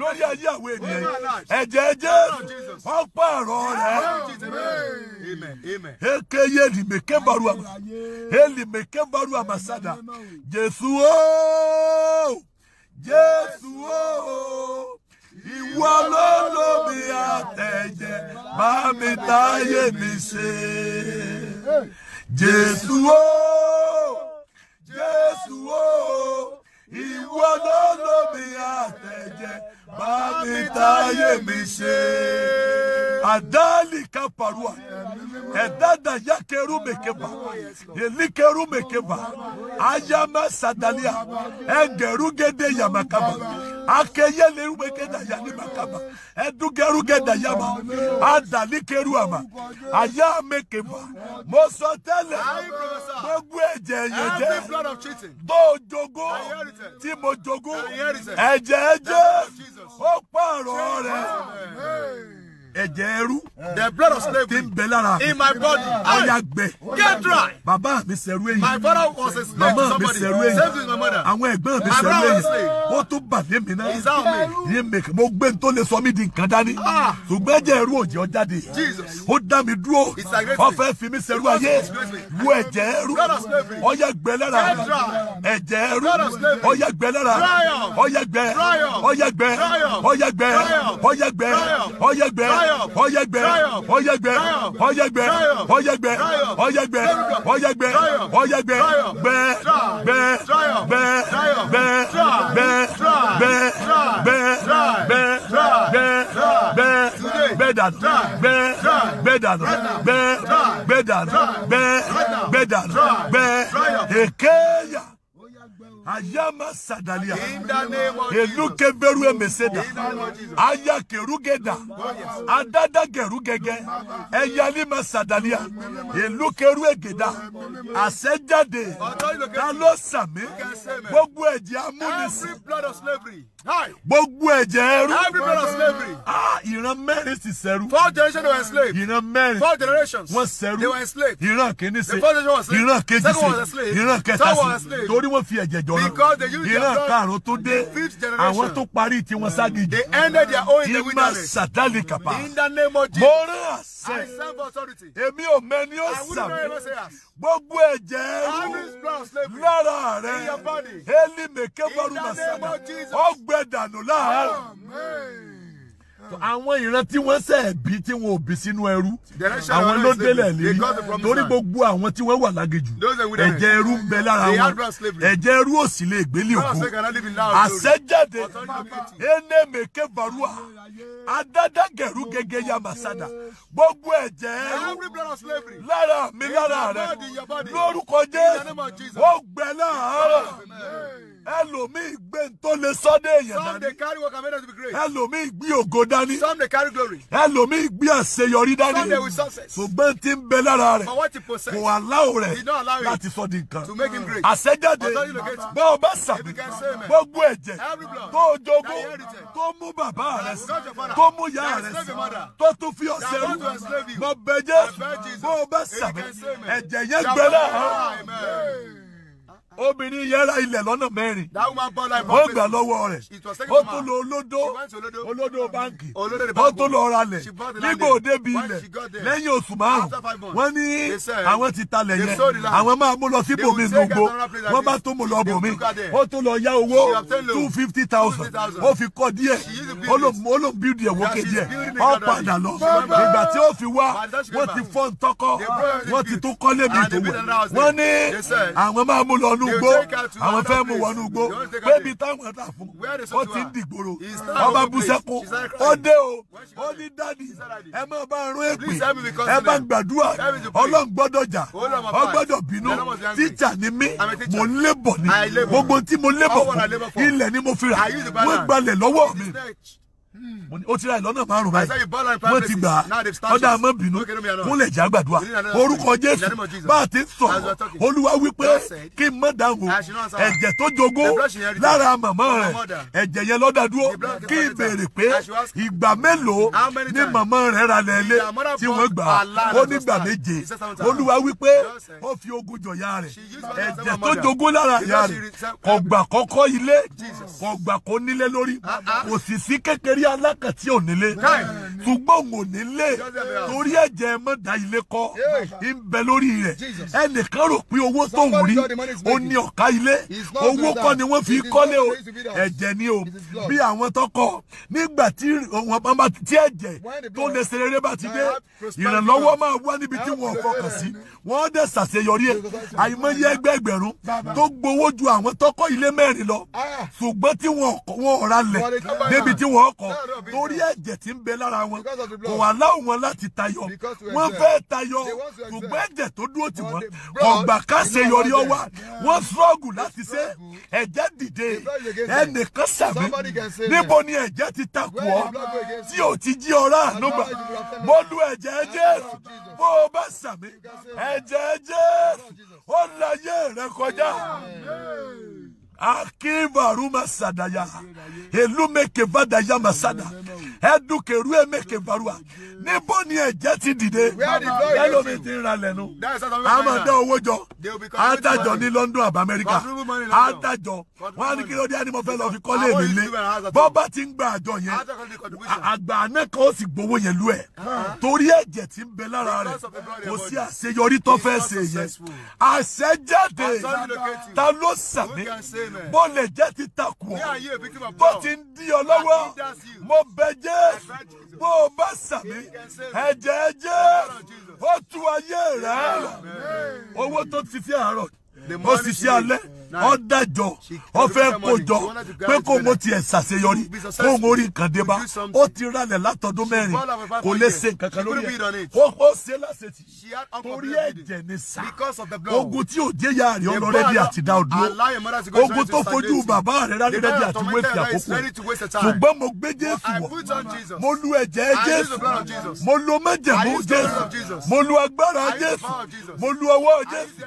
lórí ayé àwọn ènìyàn ẹ̀jẹ̀ ẹ̀jẹ̀ wọ́n pààrọ̀ rẹ̀. eke ye limeke baru ama ye baru ama sada Jésù o Jésù o ìwọ ló lómi àtẹ̀jẹ̀ bá mi táyé mi ṣe Jésù o Jésù o ìwọ ló lómi àtẹ̀jẹ bá mi táyé mi ṣe. Adali kaparua edada ya keru mekeba yeli keru mekeba ayama sadalia egeru gede yamakaba akeye lerume keda ya ni makaba edugeru keda ya ma adali keru ama aya mekeba mo sọ tẹ́lẹ̀ gbogbo ẹ̀jẹ̀ ẹ̀yẹ̀ jẹ́ tó jogo tí mo jogo ẹ̀jẹ̀ ẹ̀jẹ̀ ó pààrọ̀ rẹ̀ ẹ̀jẹ̀ ẹrú. Eh. the blood of slavery. ti in my body. ọya gbẹ. get dry. bàbá mi ṣẹ̀rú èyí. my brother was a slave to somebody. màmá mi ṣẹ̀rú èyí. same thing my mother. àwọn ẹ̀gbọ́n mi ṣẹ̀rú èyí. ó tún bà ní mi náà. ìsá mi. yín mi mo gbé tó lè sọ mí di nǹkan dání. Ah. ṣùgbọ́n ẹ̀jẹ̀ ẹrú òjì ọjáde. ó dá mi dúró. ó fẹ́ fi mi ṣẹ̀rú ayé. wo ẹ̀jẹ̀ ẹrú. ọya gbẹ lára. ẹ̀jẹ̀ ẹrú. ọya gbẹ lára. ọya gbẹ. ọya gbẹ. ọya gbẹ. ọya gbẹ. ọya gbẹ ọyẹgbẹ ọyẹgbẹ ọyẹgbẹ ọyẹgbẹ ọyẹgbẹ ọyẹgbẹ ọyẹgbẹ gbẹ gbẹ gbẹ gbẹ gbẹ gbẹ gbẹ gbẹ gbẹ gbẹ dànù gbẹ gbẹ dànù gbẹ gbẹ dànù gbẹ gbẹ dànù gbẹ èkéyà. Ayama e sadalia. Eluke beru emeseda. Aya kerugeda. Eyalima sadalia. Eluke ruegeda. Asejade. Talo Gbogbo ẹ̀jẹ̀ amúnisìn. Every blood of slavery gbogbo ẹ̀jẹ̀ ẹrú. every man of slavery. ah ìran mẹ́rin sì ṣẹrú. four generations were enslaved. ìran mẹ́rin. four generations. they were enslaved. ìran kìíní ṣe. the first generation was slave. ìran kejì ṣe. second was a slave. ìran kẹta ṣe. torí wọ́n fi ẹ̀jẹ̀ jọra. because they used their blood. ìran karùn tó dé. fifth generation. àwọn tó parí tiwọn ságìjì. they ended their own in the wilderness. ìmọ̀ sàtálì kàpá. in the name of Jesus. mo àṣẹ. I stand for authority. Èmi ò mẹ́ni ó sàmì. Gbogbo ẹ̀jẹ̀ ẹ̀rú lára rẹ̀. Eli mèké bọ́rù màsàlà. Ó gbẹ dànù láàárọ̀. Amen àwọn ìran tí wọ́n ṣẹ̀ bí tí wọ́n ò bí sínú ẹrú àwọn ló délẹ̀ lérí torí gbogbo àwọn tí wọ́n wà lágejù ẹ̀jẹ̀ ẹrú ń bẹ lára wọn ẹ̀jẹ̀ ẹrú ò sì lè gbélé òkú àṣẹjáde enemeke varua adada gẹ̀rú gẹ́gẹ́ ya masada gbogbo ẹ̀jẹ̀ ẹrú lára mi lára rẹ lórúkọ Jésù ó gbẹ láàárọ̀ ẹlòmíì gbé ntọ́lẹ̀ sọ́dẹ̀ èèyàn dání ẹlòmíì gbé ògo dá dání. some dey carry glory. ẹlòmíì gbé àṣeyọrí dání. some dey with success. ṣùgbọ́n tí ń bẹ lára rẹ̀. for what he possess. kò allow rẹ̀. he don allow it. láti sọ di nǹkan. to make him great. àṣejáde bá o bá sàmì gbogbo ẹ̀jẹ̀ tó jogún tó mú bàbá rẹ̀ sí tó mú ìyá rẹ̀ sí tó tún fi ọ̀sẹ̀ rú mọ̀ bẹ̀jẹ̀ bó o bá sàmì ẹ̀jẹ̀ yẹn gbẹ náà obìnrin yẹn ra ilẹ̀ lọ́nà mẹ́rin ó gbà lọ́wọ́ rẹ̀ ó tún lọ olódó olódó báǹkì ó tún lọ ralẹ̀ nígbà òde bi ilẹ̀ lẹ́yìn oṣù márùn-ún wọ́n ní àwọn ti talẹ̀ yẹn àwọn máa mú lọ sí bòmí gbogbo wọ́n bá tún mú lọ bòmí ó tún lọ yá owó two fifty thousand ó fi kọ́ díẹ̀ ó ló bíldì ẹ̀ wókè díẹ̀ ó padà lọ ìgbà tí ó fi wá wọ́n ti fọ́ ntọ́kọ́ wọ́n ti tún kọ́lé mi tó wẹ̀ wọ́n ní àwọn máa mú lọ nù wọnú igbó àwọn fẹ́ mú wọnú igbó pé ibi táwọn ẹ̀dá fún ó ti ń dìgboro ọba busẹ́kù ó dé o ó ní dádì ẹ máa bá rún èpè ẹ bá ń gbàdúrà ọlọ́run gbọ́dọ̀ jà ọ gbọ́dọ̀ bínú tíjà ni mí mo ń lébọ̀ ni gbogbo tí mo lébọ̀ fún ilẹ̀ ni mo fi rà wọ́n gbalẹ̀ lọ́wọ́ mi o ti ra ìlọ́nà márùn báyìí wọ́n ti gbà ọ̀dà àmọ́ bínú kúnlẹ̀ jà gbàdúrà orúkọ jésù bá a ti sọ̀rọ̀ olúwa wípé kí n má dáhùn ẹ̀jẹ̀ tó jogó lára màmá rẹ̀ ẹ̀jẹ̀ yẹn lọ́dà kí n béèrè pé ìgbà mélòó ni màmá rẹ̀ ra lẹ́lẹ́ tí wọ́n gbà á ó nígbà méje olúwa wípé ó fi ogun jọ ya rẹ̀ ẹ̀jẹ̀ tó jogó lára ya rẹ̀ kọ̀gbà kọ́kọ́ ilé kọ̀gbà kó nílé lórí uh-uh. òsì sí kékeré alákàtí ònílé ṣùgbọ́n òun ò ní lé torí ẹ̀jẹ̀ mọ́ da ilé kọ́ ń bẹ lórí rẹ̀ ẹnìkan rò pé owó tó ń rí ó ní ọ̀ka ilé owó kọ́ ni wọ́n fi kọ́lé o ẹ̀jẹ̀ ni o bí àwọn tọkọ nígbà tí ẹ̀jẹ̀ tó lè ṣe rere bá ti dé ìrànlọ́wọ́ máa wá níbi tí wọ́n fọkàn sí wọ́n dẹ̀ ṣàṣeyọrí ẹ̀ àìmọye ẹgbẹ́ ẹgbẹ̀rún tó gbowó ju àwọn tọkọ ilé mẹ́rin lọ ah. ṣùgbọ́n tí wọ́n ọ̀ra lẹ̀ débi tí wọ́n kọ́ torí ẹ̀jẹ̀ ti ń bẹ lára wọn kò wá láwọn wọn láti tayọ wọ́n fẹ́ tayọ ṣùgbọ́n ẹ̀jẹ̀ tó dúró tì wọ́n ọgbà káṣe yọrí ọwà wọ́n sọ́ọ̀gù láti ṣe ẹ̀jẹ̀ dìde ẹnìkan sàmì níbo ni ẹ̀jẹ̀ ti takù ọ́ tí ò ti jí ọ̀rá ànúgbà mo lu ẹ̀jẹ̀ Jésù bó o bá sàmì ẹ̀jẹ̀ Jésù ó láyé rẹ kọjá. Amen. Akiva ruma sadaya. Elume keva daya masada. Edu keru eme kevarua. Níbo ni ẹ̀jẹ̀ ti dìde? Ẹlòmí ti ra lẹ́nu. A máa dá owó jọ. Adájọ́ London àbá Amẹ́ríkà. Adájọ́. Wọ́n á ní kí ló dé ẹni mo fẹ́ lọ fi kọ́lé mi lé. Bọ́bá ti ń gba àjọ yẹn. Àgbà àná kan ó sì gbowó yẹn lú ẹ̀. Ah. Torí ẹ̀jẹ̀ ti ń bẹ lára rẹ̀. Kò sí àṣeyọrí tó fẹ́ ṣe yẹn. Àṣẹ Ta ló sàmì? bó lè jẹ́ ti takùn ọ́ bó ti ń dí ọ lọ́wọ́ mo bẹ jẹ́ bó o bá sàmì ẹ̀jẹ̀ ẹ̀jẹ̀ ó tú ayé rẹ̀ owó tó ti fi àárọ̀ ó ṣiṣẹ́ alẹ́ ó dájọ́ ó fẹ́ kójọ pé kó mo tiẹ̀ ṣàṣeyọrí kó mo rí nǹkan dé bá ó ti ralẹ̀ látọdún mẹ́rin kò lè ṣe kankan lórí ẹ̀ ó ó ṣe láṣetì torí ẹ̀jẹ̀ ni sá ogun tí ò jẹ́ ya rẹ̀ ọ̀nà rẹ̀ àtidá ọdún ogun tó fojú bàbá rẹ̀ rárẹ̀ rẹ̀ di àtiwéfì àkókò ṣùgbọ́n mo gbé Jésù wọ̀ mo lu ẹ̀jẹ̀ Jésù mo lu májẹ̀mú Jésù mo lu agbára Jésù mo lu ọwọ́ Jésù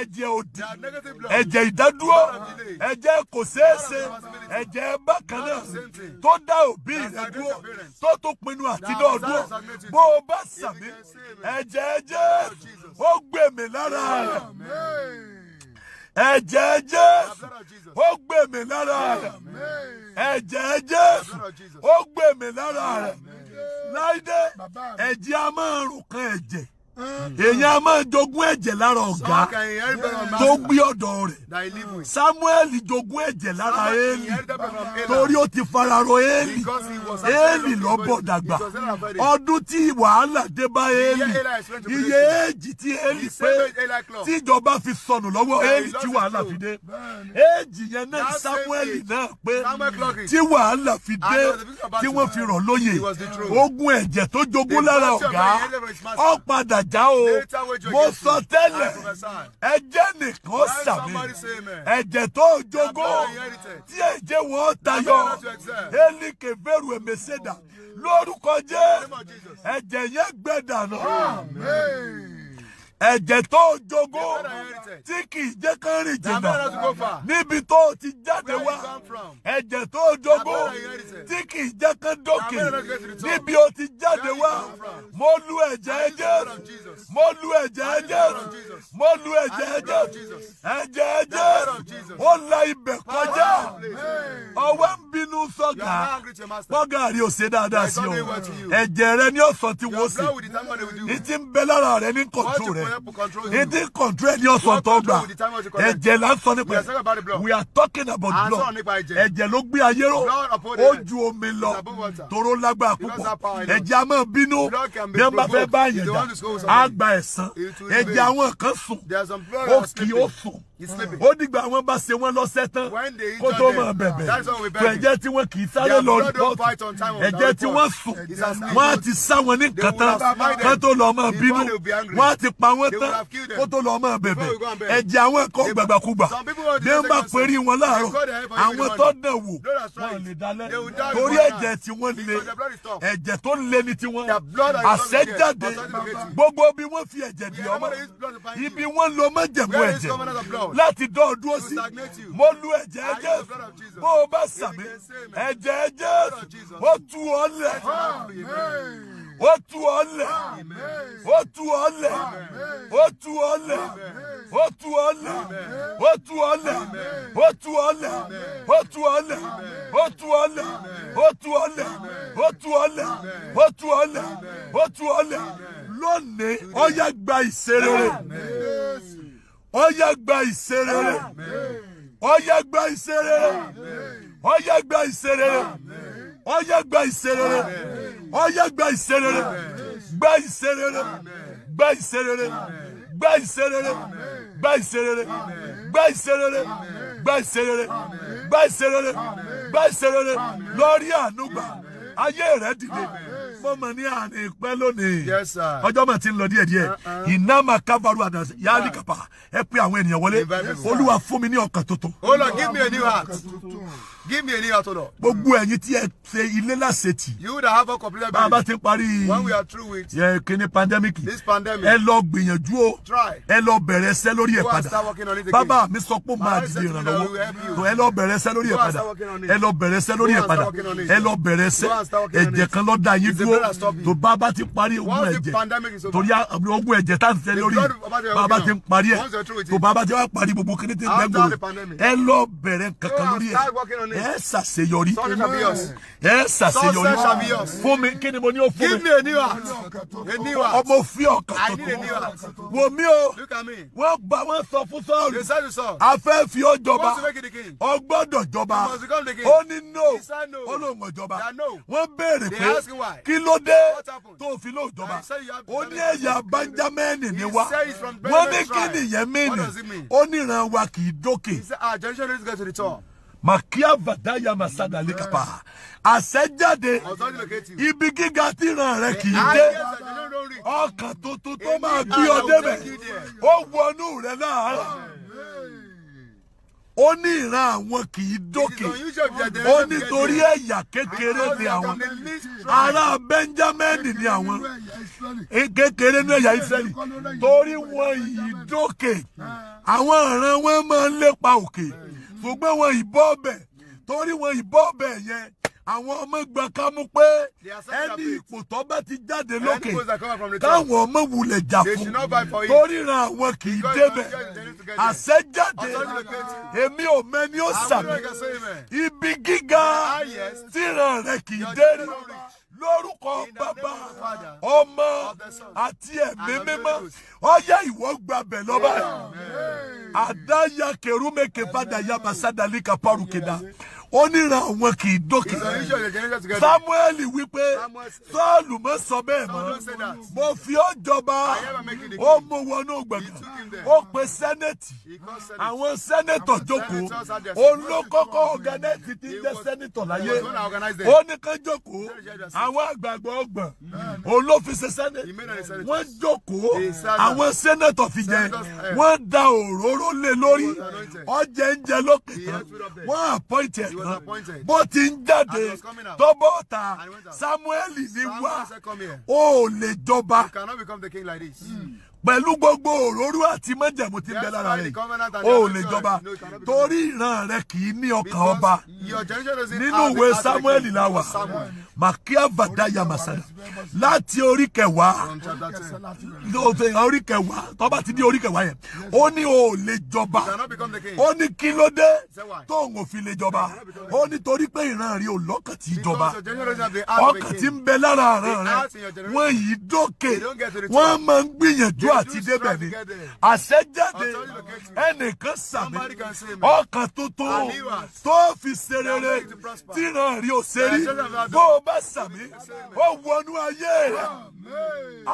ẹ̀jẹ̀ òd ẹ̀jẹ̀ ìdádúró ẹ̀jẹ̀ kò ṣeé ṣe ẹ̀jẹ̀ bákan náà tó dá òbí rẹ dúró tó tó pinnu àti náà dúró bó o bá sàmì ẹ̀jẹ̀ ẹ̀jẹ̀ ó gbèmí lára rẹ ẹ̀jẹ̀ Jésù ó gbè mí lára rẹ̀ ẹ̀jẹ̀ Jésù ó gbè mí lára rẹ̀ láìdé ẹ̀jẹ̀ a kan ẹ̀jẹ̀ èèyàn mm. máa jogún ẹ̀jẹ̀ lára ọ̀gá tó gbé ọ̀dọ̀ rẹ̀ Samuel jogún ẹ̀jẹ̀ lára Eli torí ó ti fararọ Eli Eli lọ́bọ̀ dàgbà ọdún tí wàhálà dé bá Eli iye èjì tí Eli pé tíjọba fi sọnù lọ́wọ́ Eli tí wàhálà fi dé èjì yẹn náà Samuel náà pé tí wàhálà fi dé tí wọ́n fi rọ̀ lóyè ogún ẹ̀jẹ̀ tó jogún lára ọ̀gá ó padà já o mo sọ tẹ́lẹ̀ ẹ̀jẹ̀ nìkan sàmì ẹ̀jẹ̀ tó jogó tí ẹ̀jẹ̀ wọn tayọ eli keveru emeseda lórúkọ jẹ́ ẹ̀jẹ̀ yẹn gbẹdànù ẹ̀jẹ̀ tó jogó tí kì í jẹ́ kán rìn jìnnà níbi tó ti jáde wá ẹ̀jẹ̀ tó jogó tí kì í jẹ́ kán dókè níbi ó ti jáde wá mo lu ẹ̀jẹ̀ ẹ̀jẹ̀ mo lu ẹ̀jẹ̀ ẹ̀jẹ̀ mo lu ẹ̀jẹ̀ ẹ̀jẹ̀ ẹ̀jẹ̀ ẹ̀jẹ̀ ó la ibẹ̀ kọjá ọwọ́ ń bínú sọ́gà pọ́gà rí o ṣe dáadáa sí o ẹ̀jẹ̀ rẹ ni ọ̀sán ti wò sí i ti ń bẹ lára rẹ ní kọ̀tù rẹ ètí control ẹni ọ̀sán tó gbà ẹ̀jẹ̀ là ń sọ nípa we are talking about blood ẹ̀jẹ̀ ló gbé ayé ró ó ju omi lọ toró lágbára púpọ̀ ẹ̀jẹ̀ a máa bínú bí wọ́n bá fẹ́ bá yẹn dà á gba ẹ̀san ẹ̀jẹ̀ àwọn kan sùn ó kì í ó sùn ó dìgbà àwọn bá ṣe wọn lọ́sẹ̀ tán kó tó máa bẹ̀bẹ̀ tó ẹ̀jẹ̀ tí wọ́n kì í sáré lọ bọ́ọ̀tù ẹ̀jẹ̀ tí wọ́n sùn wọ́n á ti sá wọn ní kàtà kán tó lọ́ọ́ máa bínú wọ́n á ti pa àwọn tán kó tó lọ ọmọ bẹ̀bẹ̀ ẹ̀jẹ̀ àwọn ẹ̀kọ́ gbàgbàkúgbà bí wọ́n bá péré wọn láàárọ̀ àwọn tó dẹ̀ wò wọ́n lè dalẹ̀ torí ẹ̀jẹ̀ tí wọ́n lé ẹ̀jẹ̀ tó lé ní tiwọn àṣẹjáde gbogbo bí wọ́n fi ẹ̀jẹ̀ dì ọmọ ibi wọ́n lo mọ́jẹ̀mú ẹ̀jẹ̀ láti dán ọdún sí mo lu ẹ̀jẹ̀ ẹ̀jẹ̀ bó o bá sàmì ẹ̀jẹ̀ ẹ̀jẹ̀ ó tú ọ lẹ̀ ó tú ọ lẹ̀ ó tú ọ lẹ̀ ó tú ọ lẹ̀ ó tú ọ lẹ̀ ó tú ọ lẹ̀ ó tú ọ lẹ̀ ó tú ọ lẹ̀ ó tú ọ lẹ̀ ó tú ọ lẹ̀ ó tú ọ lẹ̀ ó tú ọ lẹ̀ ó tú ọ lẹ̀ lónìí ọyá gba ìṣerere ọyá gba ìṣerere ọyá gba ìṣerere ọyá gba ìṣerere ọyẹ gba ìserere ọyẹ gba ìserere gba ìserere gba ìserere gba ìserere gba ìserere gba ìserere gba ìserere gba ìserere gba ìserere lórí ànúgbà ayé rẹ dìde mọ́mọ́ ní àná ìpẹ́ lónìí ọjọ́ mọ̀ tí ń lọ díẹ̀díẹ̀ uh-uh. iná máa kábàrú àdá yáálì kàpà ẹ pé àwọn ènìyàn wọlé olúwa fún mi ní ọkàn tuntun. ó lọ give me a new heart give me a new auto. order. gbogbo ẹ̀yin tí ẹ ṣe ilé láṣetì. you that have a complete building. Baba, ti parí. when we are through with. yẹ kíni pandemic. this pandemic. ẹ lọ gbìyànjú o. try. ẹ lọ bẹ̀rẹ̀ iṣẹ́ lórí ẹ̀ padà. bàbá mi sọ pé màá dìde ìrànlọ́wọ́. ẹ lọ bẹ̀rẹ̀ iṣẹ́ lórí ẹ̀ padà. ẹ lọ bẹ̀rẹ̀ iṣẹ́ lórí ẹ̀ padà. ẹ lọ bẹ̀rẹ̀ iṣẹ́. ẹ̀jẹ̀ kan lọ da yín dúró. tó bàbá ti parí ogun ẹ̀jẹ̀. torí ogun ẹ̀jẹ̀ tá ń ṣe lórí. bàbá ti parí ẹ̀. tó bàbá ti wá parí gbogbo kíní tí ń bẹ́ gbòòrò. ẹ lọ bẹ̀rẹ̀ kankan lórí ẹ̀. Señorita. ẹ ṣàṣeyọrí ẹ ṣàṣeyọrí fún mi kí ni mo ní o fún mi ọmọ fi ọkàn tuntun wo mi o wọ́n gba wọ́n sọ fún sọ́ọ̀lù afẹ́ fi ó jọba ó gbọ́dọ̀ the king? ní no ó ló ń jọba wọ́n béèrè pé kí ló dé tó fi ló jọba ó ní ẹ̀yà Bájámẹ́nì ni wá wọ́n ní kí nìyẹn mí nì ó níran wa to the dókè màkíá vàdáyà màsádà lẹ́kàpá àṣẹjáde ibi gíga tí ràn rẹ kì í dé ọkàn tuntun tó máa gbé ọ débẹ̀ ó wọnú rẹ láàárọ̀ ó ní ìran àwọn kì í dókè ó nítorí ẹ̀yà kékeré ni àwọn ará Bẹ́ńjámínì ni àwọn kékeré ní ẹ̀yà Ísírẹ́lì torí wọn yìí dókè àwọn ìran wọn máa ń lépa òkè ṣùgbọ́n wọn ìbọn ọbẹ̀ torí wọn ìbọn ọbẹ̀ yẹn àwọn ọmọ gbọ́n ká mú pé ẹni ipò tó bá ti jáde lókè káwọn ọmọ wulẹ̀ jà fún torí ra àwọn kì í débẹ̀ àṣẹjáde èmi ò mẹ́ni ó sàmì ibi gíga ah, tíran rẹ̀ kì í dérí lórúkọ bàbá ọmọ àti ẹ̀mí mímọ́ ọyá ìwọ gbàbẹ̀ lọ́ba àdáyà kẹrùmẹ̀kẹ padà yabasádàlíkà párùkẹdà ó ra àwọn kì í dókè. Samuel wípé Sọ́ọ̀lù mọ́ sọ bẹ́ẹ̀ mọ́ mo fi ọ́ jọba ó mú wọnú gbẹ̀gbẹ̀ ó pe sẹ́nẹ̀tì àwọn sẹ́nẹ̀tọ̀ jókòó òun ló kọ́kọ́ ọ̀gánẹ́tì tí ń jẹ́ sẹ́nẹ̀tọ̀ láyé ó ní kán jókòó àwọn àgbààgbà ọgbọ̀n hmm. òun ló fi ṣe sẹ́nẹ̀tì wọ́n jókòó àwọn sẹ́nẹ̀tọ̀ fi jẹ eh. wọ́n da òróró lé lórí ọjẹ́ ń jẹ lókè tán wọ́n àpọ́ìtì ẹ̀ bó ti ń jáde tó bó ta Samuel ni wá o lè jọba. cannot become the king like this. Hmm pẹ̀lú gbogbo òróró àti májẹ̀mú tí ń bẹ lára rẹ̀ o oh, lè jọba torí ìran rẹ kì í ní ọkàn ọba nínú ìwé Samuel la wà makia vadaya masada láti orí kẹwàá orí kẹwàá tó bá ti di orí kẹwàá yẹn ó ní o lè jọba ó ní kí ló dé tó ń òfin lè jọba ó ní torí pé ìran rẹ ò lọ́kàn tí jọba ọkàn tí ń bẹ lára ìran rẹ wọ́n yìí dókè wọ́n máa ń gbìyànjú àti débẹ̀ ni àṣẹjáde ẹnìkan sàmì ọkàn tuntun tó fi ṣe rere tíran rí o ṣe rí bó o bá sàmì ó wọnú ayé rẹ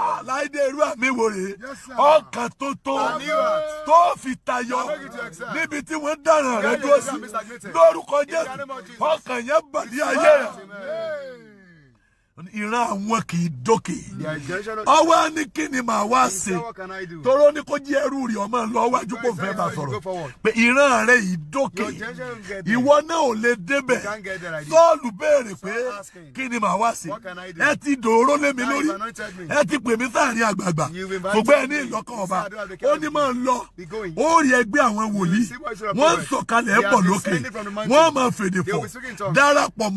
aláìdé ah, irú àmì wò rè ọkàn tuntun tó fi tayọ níbi tí wọ́n dáràn rẹ dúró sí lórúkọ Jésù ọkàn yẹn bàdí ayé rẹ. Iran àwọn kì í dókè ọwọ́ ní kí ni màá wá ṣe tóró ní kó jẹ́ ẹrú rí ọmọ lọ wájú kó fẹ́ bá sọ̀rọ̀ pé ìran rẹ̀ yìí dókè ìwọ náà ò lè débẹ̀ sọ́ọ̀lù béèrè pé kí ni màá wá ṣe ẹ ti dòró lé mi lórí ẹ ti pè mí sáàrin àgbààgbà gbogbo ẹ ní ìlọ́kàn ọba ó ní máa ń lọ ó rí ẹgbẹ́ àwọn wòlíì wọ́n ń sọ̀kalẹ̀ ẹ̀ pọ̀ lókè wọ́n máa fèdè fọ̀ darapọ̀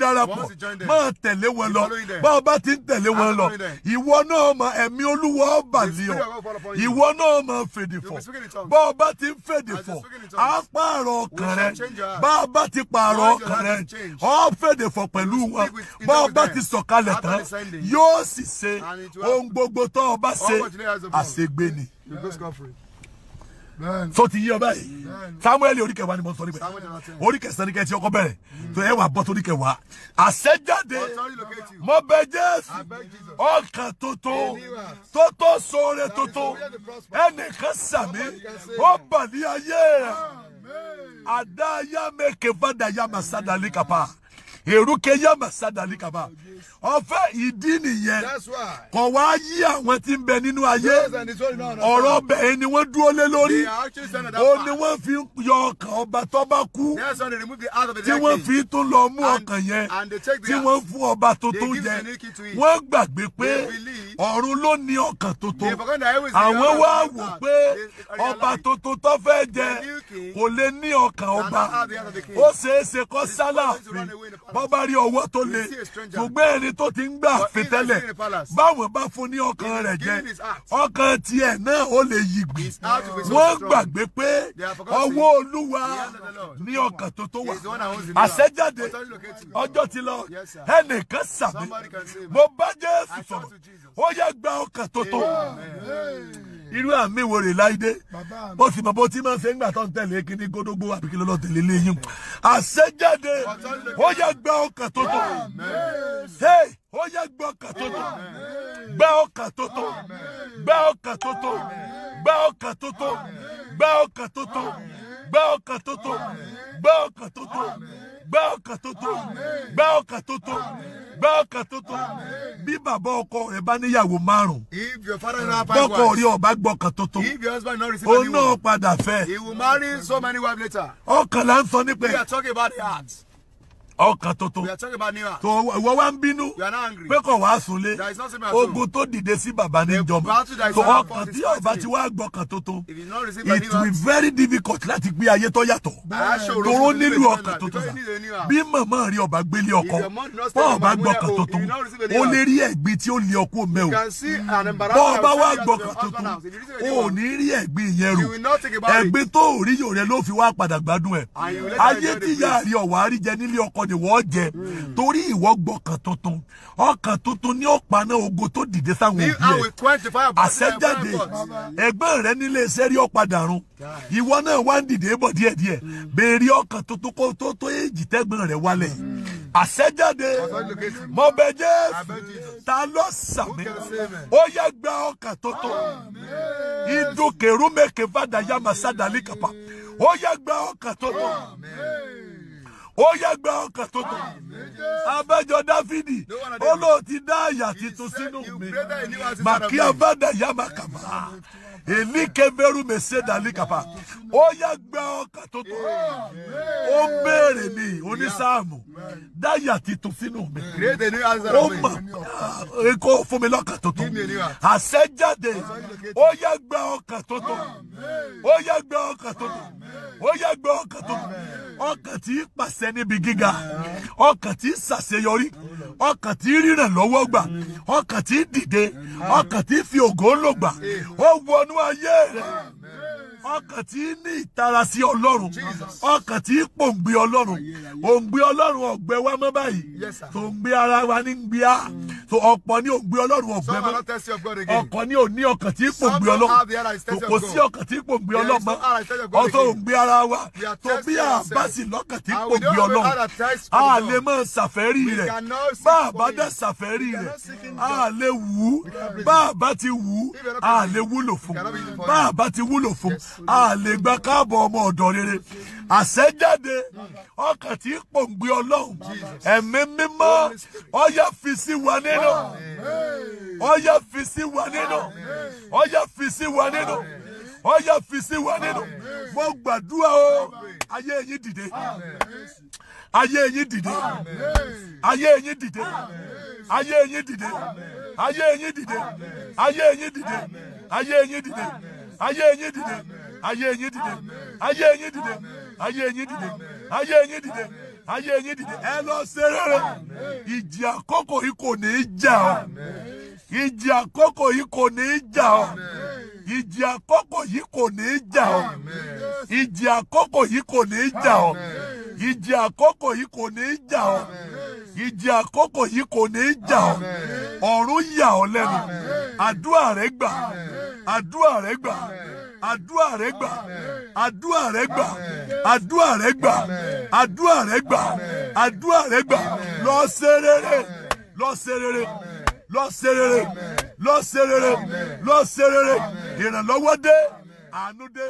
darapọ̀ mọ́ máa tẹ̀lé wọn lọ bá ọ bá ti ń tẹ̀lé wọn lọ ìwọ náà mọ ẹ̀mí olúwa ọba lé ọ ìwọ náà mọ fèdè fọ bá ọ bá ti ń fèdè fọ á pààrọ̀ ọkàn rẹ bá ọ ti pààrọ̀ ọkàn rẹ ọ fèdè fọ pẹ̀lú wọn bá ọ ti sọ̀kalẹ̀ tán yóò sì ṣe ohun gbogbo tó o ṣe àṣegbè ni. Forty years yí ọ báyìí samuel orí kẹwàá ni mo sọ níbẹ̀ orí kẹsàn-án ni kẹ́ ẹ ti ọkọ bẹ̀rẹ̀ tó hmm. ẹ wà bọ́ sórí kẹwàá àṣẹjáde mo bẹ jésù ọkàn tuntun tó tó sóore tuntun ẹnìkan sàmì ó bà ní ayé rẹ àdáyámẹkẹ fàdáyámẹsádàlíkàpá èrúkẹ yàmà sádàlì kàbà ọ̀fẹ́ ìdí nìyẹn kò wá yí àwọn tí ń bẹ nínú ayé ọ̀rọ̀ bẹ́ẹ̀ ni wọ́n dúró lé lórí ó ní wọ́n fi yọ ọkàn ọba tó bá kú tí wọ́n fi tún lọ mú ọkàn yẹn tí wọ́n fún ọba tuntun yẹn wọ́n gbàgbé pé ọ̀run ló ní ọkàn tuntun àwọn wá wò pé ọba tuntun tó fẹ́ jẹ kò lè ní ọkàn ọba ó ṣeé ṣe kó sálà fún bọ́ bá rí ọwọ́ tó le ṣùgbọ́n ẹni tó ti ń gbà fi tẹ́lẹ̀ báwọn bá fún ní ọkàn rẹ̀ jẹ ọkàn tiẹ̀ náà ó lè yí gbé wọ́n gbàgbé pé ọwọ́ olúwa ní ọkàn tó tó wà àṣẹjáde ọjọ́ ti lọ ẹnìkan sàmì mo bá jésù sọ̀rọ̀ ó yẹ gba ọkàn tó tó irú àmì wo rè láìdé bó sì mọ bó ti máa ń ṣe ńgbà tó ń tẹ̀lé kíní gódógbó àbí kí ló lọ́ọ́ tẹ̀lé léyìn àṣẹjáde ó yẹ gba ọkàn tó tó ó yẹ gba ọkàn tó tó gba ọkàn tó tó gba ọkàn tó tó gba ọkàn tó tó gba ọkàn tó tó gba ọkàn tó tó gba ọkàn tó tó gba ọkàn tó tó gba ọkàn tó tó gbọ́ kan tuntun bí bàbá ọkọ rẹ bá níyàwó márùn bọ́kọ rí ọba gbọ́ kan tuntun òun náà padà fẹ́ ọkàn là ń sọ nípa ẹ̀ ọkàn tuntun tó ìwọ wá ń bínú pé kò wá súnlé ogun tó dìde sí bàbá ní ìjọba tó ọkàn tí ọba ti wá gbọkàn tuntun it will be very difficult láti gbé ayé tó yàtọ̀ tóró nílò ọkàn tuntun sa bí màmá rí ọba gbélé ọkọ bọ́ ọba gbọkàn tuntun ó lè rí ẹ̀gbin tí ó lé ọkọ mẹ́ o bọ́ ọba wá gbọkàn tuntun ó ní rí ẹ̀gbin yẹn rò ẹ̀gbin tó rí yòrẹ́ ló fi wá padà gbádùn ẹ̀ ayé tíyà rí ọ̀wá rí jẹ nílé ọkọ náà ni wọ́n jẹ hmm. torí ìwọ gbọ̀kàn tuntun ọkàn tuntun ni ó paná ogo tó dìde sáwọn òbí ẹ àṣẹjáde ẹgbẹ́ rẹ nílé iṣẹ́ rí ọ̀padà run ìwọ náà wá ń dìde bọ̀ díẹ̀díẹ̀ hmm. béèrè ọkàn tuntun kó tó tó èjì tẹ́gbọ̀n rẹ wálẹ̀ hmm. àṣẹjáde mo bẹ̀ Jésù ta ló sàmì ó yẹ gba ọkàn tuntun ìdúkèrúmẹkẹ fàdà yàmà sádàlì kàpà ó yẹ gba ọkàn tuntun ó yẹ gba ọkàn tó tó abẹ́jọ dáfídì ó lò ti dá àyà tuntun sínú mi màkì abẹ́dà yá màkàmá èmi kẹfẹ́rù mẹ́sẹ̀ dàlí kàpá ó yẹ gba ọkàn tó tó ó béèrè mi onísáàmù dáyà tuntun sínú mi ó mà kó fún mi lọ́kàn tó tó àṣẹ jáde ó yẹ gba ọkàn tó tó ó yẹ gba ọkàn tó tó. ó yẹ gbé ọkàn tó ọkàn tí í pàṣẹ níbi gíga ọkàn tí í ṣàṣeyọrí ọkàn tí í ríràn gbà ọkàn tí dìde ọkàn tí fi ògo lògbà ọkàn tí í ní ìtara sí ọlọ́run ọkàn tí í pòǹgbé ọlọ́run òǹgbé ọlọ́run ọ̀gbẹ́ wa mọ́ báyìí tòǹgbé ara wa ní gbé a so mm. ọ̀pọ̀ ní òǹgbé ọlọ́run ọ̀gbẹ́ mọ́ ọkàn ní òní ọkàn tí í pòǹgbé ọlọ́run kò sí ọkàn tí í pòǹgbé ọlọ́run mọ́ ọtọ́ òǹgbé ara wa tó bí àbá sì lọ́kàn tí í pòǹgbé ọlọ́run a lè máa ṣàfẹ́rí rẹ̀ bá a bá dẹ̀ a lè gba káàbọ̀ ọmọ ọ̀dọ̀ rere àṣẹjáde ọkàn tí ń pòǹgbé ọlọ́run ẹ̀mí mímọ́ ọyá fi sí wa nínú ọyá fi sí wa nínú ọyá fi sí wa nínú ọyá fi sí wa nínú mo gbàdúrà o ayé yín dìde ayé yín dìde ayé yín dìde ayé yín dìde ayé yín dìde ayé yín dìde ayé yín dìde ayé yín dìde ayé yín dìde ayé yín dìde ayé yín dìde ayé yín dìde ayé yín dìde ẹ lọ ṣe rere ìjì àkókò yìí kò ní í jà ọ́ ìjì àkókò yìí kò ní í jà ọ́ ìjì àkókò yìí kò ní í jà ọ́ ìjì àkókò yìí kò ní í jà ọ́ ìjì àkókò yìí kò ní í jà ọ́ ìjì àkókò yìí kò ní í jà ọ́ ọ̀run yà ọ́ lẹ́nu àdúrà rẹ gbà àdúrà rẹ gbà àdúrà rẹ gbà àdúrà rẹ gbà àdúrà rẹ gbà àdúrà rẹ gbà àdúrà rẹ gbà lọ ṣe rere lọ serere. rere lọ ṣe rere lọ ṣe rere lọ ṣe rere ìrànlọ́wọ́ dé àánú dé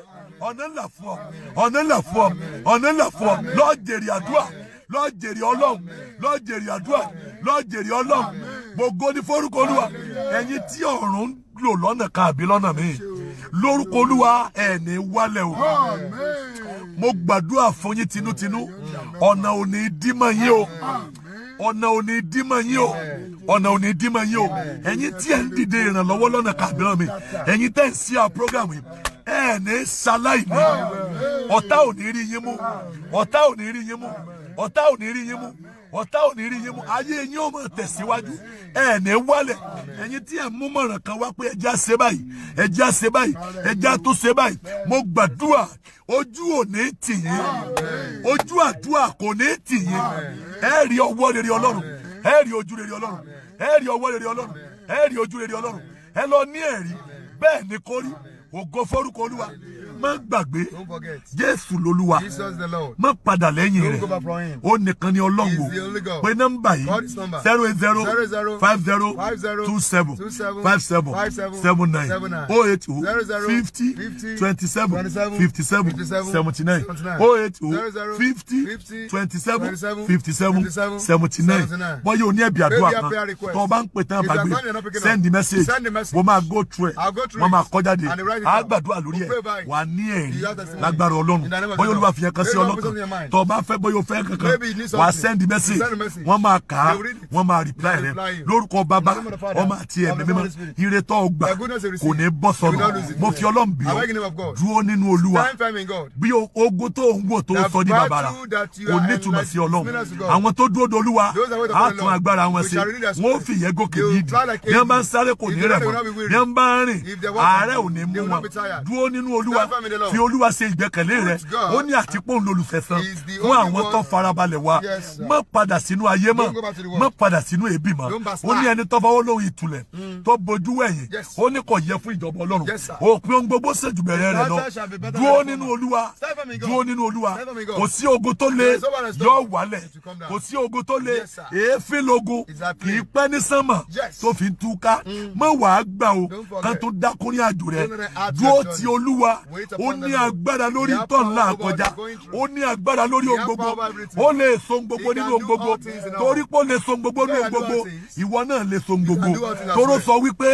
ọ̀nà ńlá fún ọ ọ̀nà ńlá fún ọ ọ̀nà ńlá fún ọ lọ jèrè àdúrà lọ jèrè ọlọ́run lọ jèrè àdúrà lọ jèrè ọlọ́run gbogbo ní forúkọ olúwa ẹ̀yin tí ọ̀run ń lò lọ́nà kan àbí lọ́nà lórúkọ olúwa ẹni wálẹ̀ o mo gbàdúrà fún yín tinútinú ọ̀nà tinu dímọ̀ yín o ọ̀nà ò dímọ̀ yín o ọ̀nà ò dímọ̀ yín o ẹ̀yin tí ẹ̀ ń dìde ìrànlọ́wọ́ lọ́nà kàbíràn mi ẹ̀yin tẹ́ ń sí à program yìí ọ̀tá ò ní rí yín mú ayé yín ó máa tẹ̀síwájú ẹ̀ ní wálẹ̀ ẹ̀yin tí ẹ̀ mú mọ̀ràn kan wá pé ẹja ṣe báyìí ẹja ṣe báyìí ẹja tó ṣe báyìí mo gbàdúrà ojú ò ní tì yín ojú àdúrà kò ní tì yín ẹ rí ọwọ́ rere ọlọ́run ẹ rí ojú rere ọlọ́run ẹ rí ọwọ́ rere ọlọ́run ẹ rí ojú rere ọlọ́run ẹ lọ ní ẹ̀rí bẹ́ẹ̀ ni kórí ògo forúkọ olúwa má gbàgbé jésù lolúwa má padà lẹ́yìn rẹ̀ ó nìkan ni ọlọ́run pé nọ́mbà yìí zero eight zero five zero two seven five seven seven nine oh eight oh fifty twenty seven fifty seven seventy nine oh eight oh fifty twenty seven fifty seven seventy nine bọ́yá o ní ẹ̀bí àdúrà kan tó o bá ń pè tán àbágbé send the message mo máa go through ẹ̀ mo máa kọ́ jáde àgbàdúrà lórí ẹ̀ wà á ní ẹ̀rí lágbára ọlọ́run bóyá olúwa fi ẹ̀kan sí ọlọ́kan tó bá fẹ́ bóyá o fẹ́ kankan wàá send message wọ́n máa kà á wọ́n máa reply rẹ lórúkọ bàbá ọmọ àti ẹ̀mí mímọ́ ire tó gbà kò ní bọ́ sọnù mo fi ọlọ́run bí ọ dúró nínú olúwa bí ogun tó ń wò tó sọ ní bàbá rà kò nítumọ̀ sí ọlọ́run àwọn tó dúró de olúwa á tún agbára wọn ṣe wọ́n fi ìyẹn gòkè yìí ní wọ́n bá ń sáré kò ní rẹ̀ mọ́ ní wọ́n bá ń rìn àárẹ̀ ò ní mú wọn dúró nínú olúwa fi olúwa ṣe ìgbẹ́kẹ̀lé rẹ ó ní àtipó òun lolùfẹ́ san fún àwọn tó farabalẹ̀ wa má padà sínú ayé mọ́ má padà sínú ebi mọ́ ó ní ẹni tó fọwọ́ lóhùn ìtulẹ̀ mm. tó bojú ẹ̀yìn ó ní kò yẹ fún ìjọba ọlọ́run òpin ohun gbogbo ṣèjú bẹ̀rẹ̀ rẹ lọ dúró nínú olúwa dúró nínú olúwa kò sí ogun tó le yóò wálẹ̀ kò sí ogun tó le èéfín logun kì í pẹ́ ní sánmọ̀ tó fi ń túká mm. má wàá gbà o kán tó dákúnrín àjò rẹ dúró ti olúwa ó ní agbára lórí tọ́lá àkọjá ó ní agbára lórí ohun gbogbo ó lè so gbogbo nínú ohun gbogbo torí pé ó lè so gbogbo nínú ohun gbogbo ìwọ náà lè so gbogbo toró sọ wípé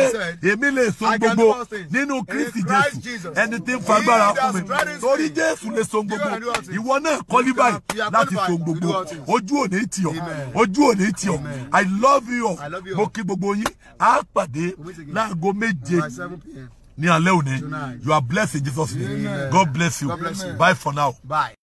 èmi lè so gbogbo nínú Kristi Jésù ẹni tí ń fagbára fún mi torí Jésù lè so gbogbo ìwọ náà kọ́lí báyìí láti so gbogbo ojú ò ní tì ojú ò ní tì I love you mo kí gbogbo yín á pàdé láago méje ní alẹ́ òní you are blessed in Jesus name God bless you bye for now. Bye.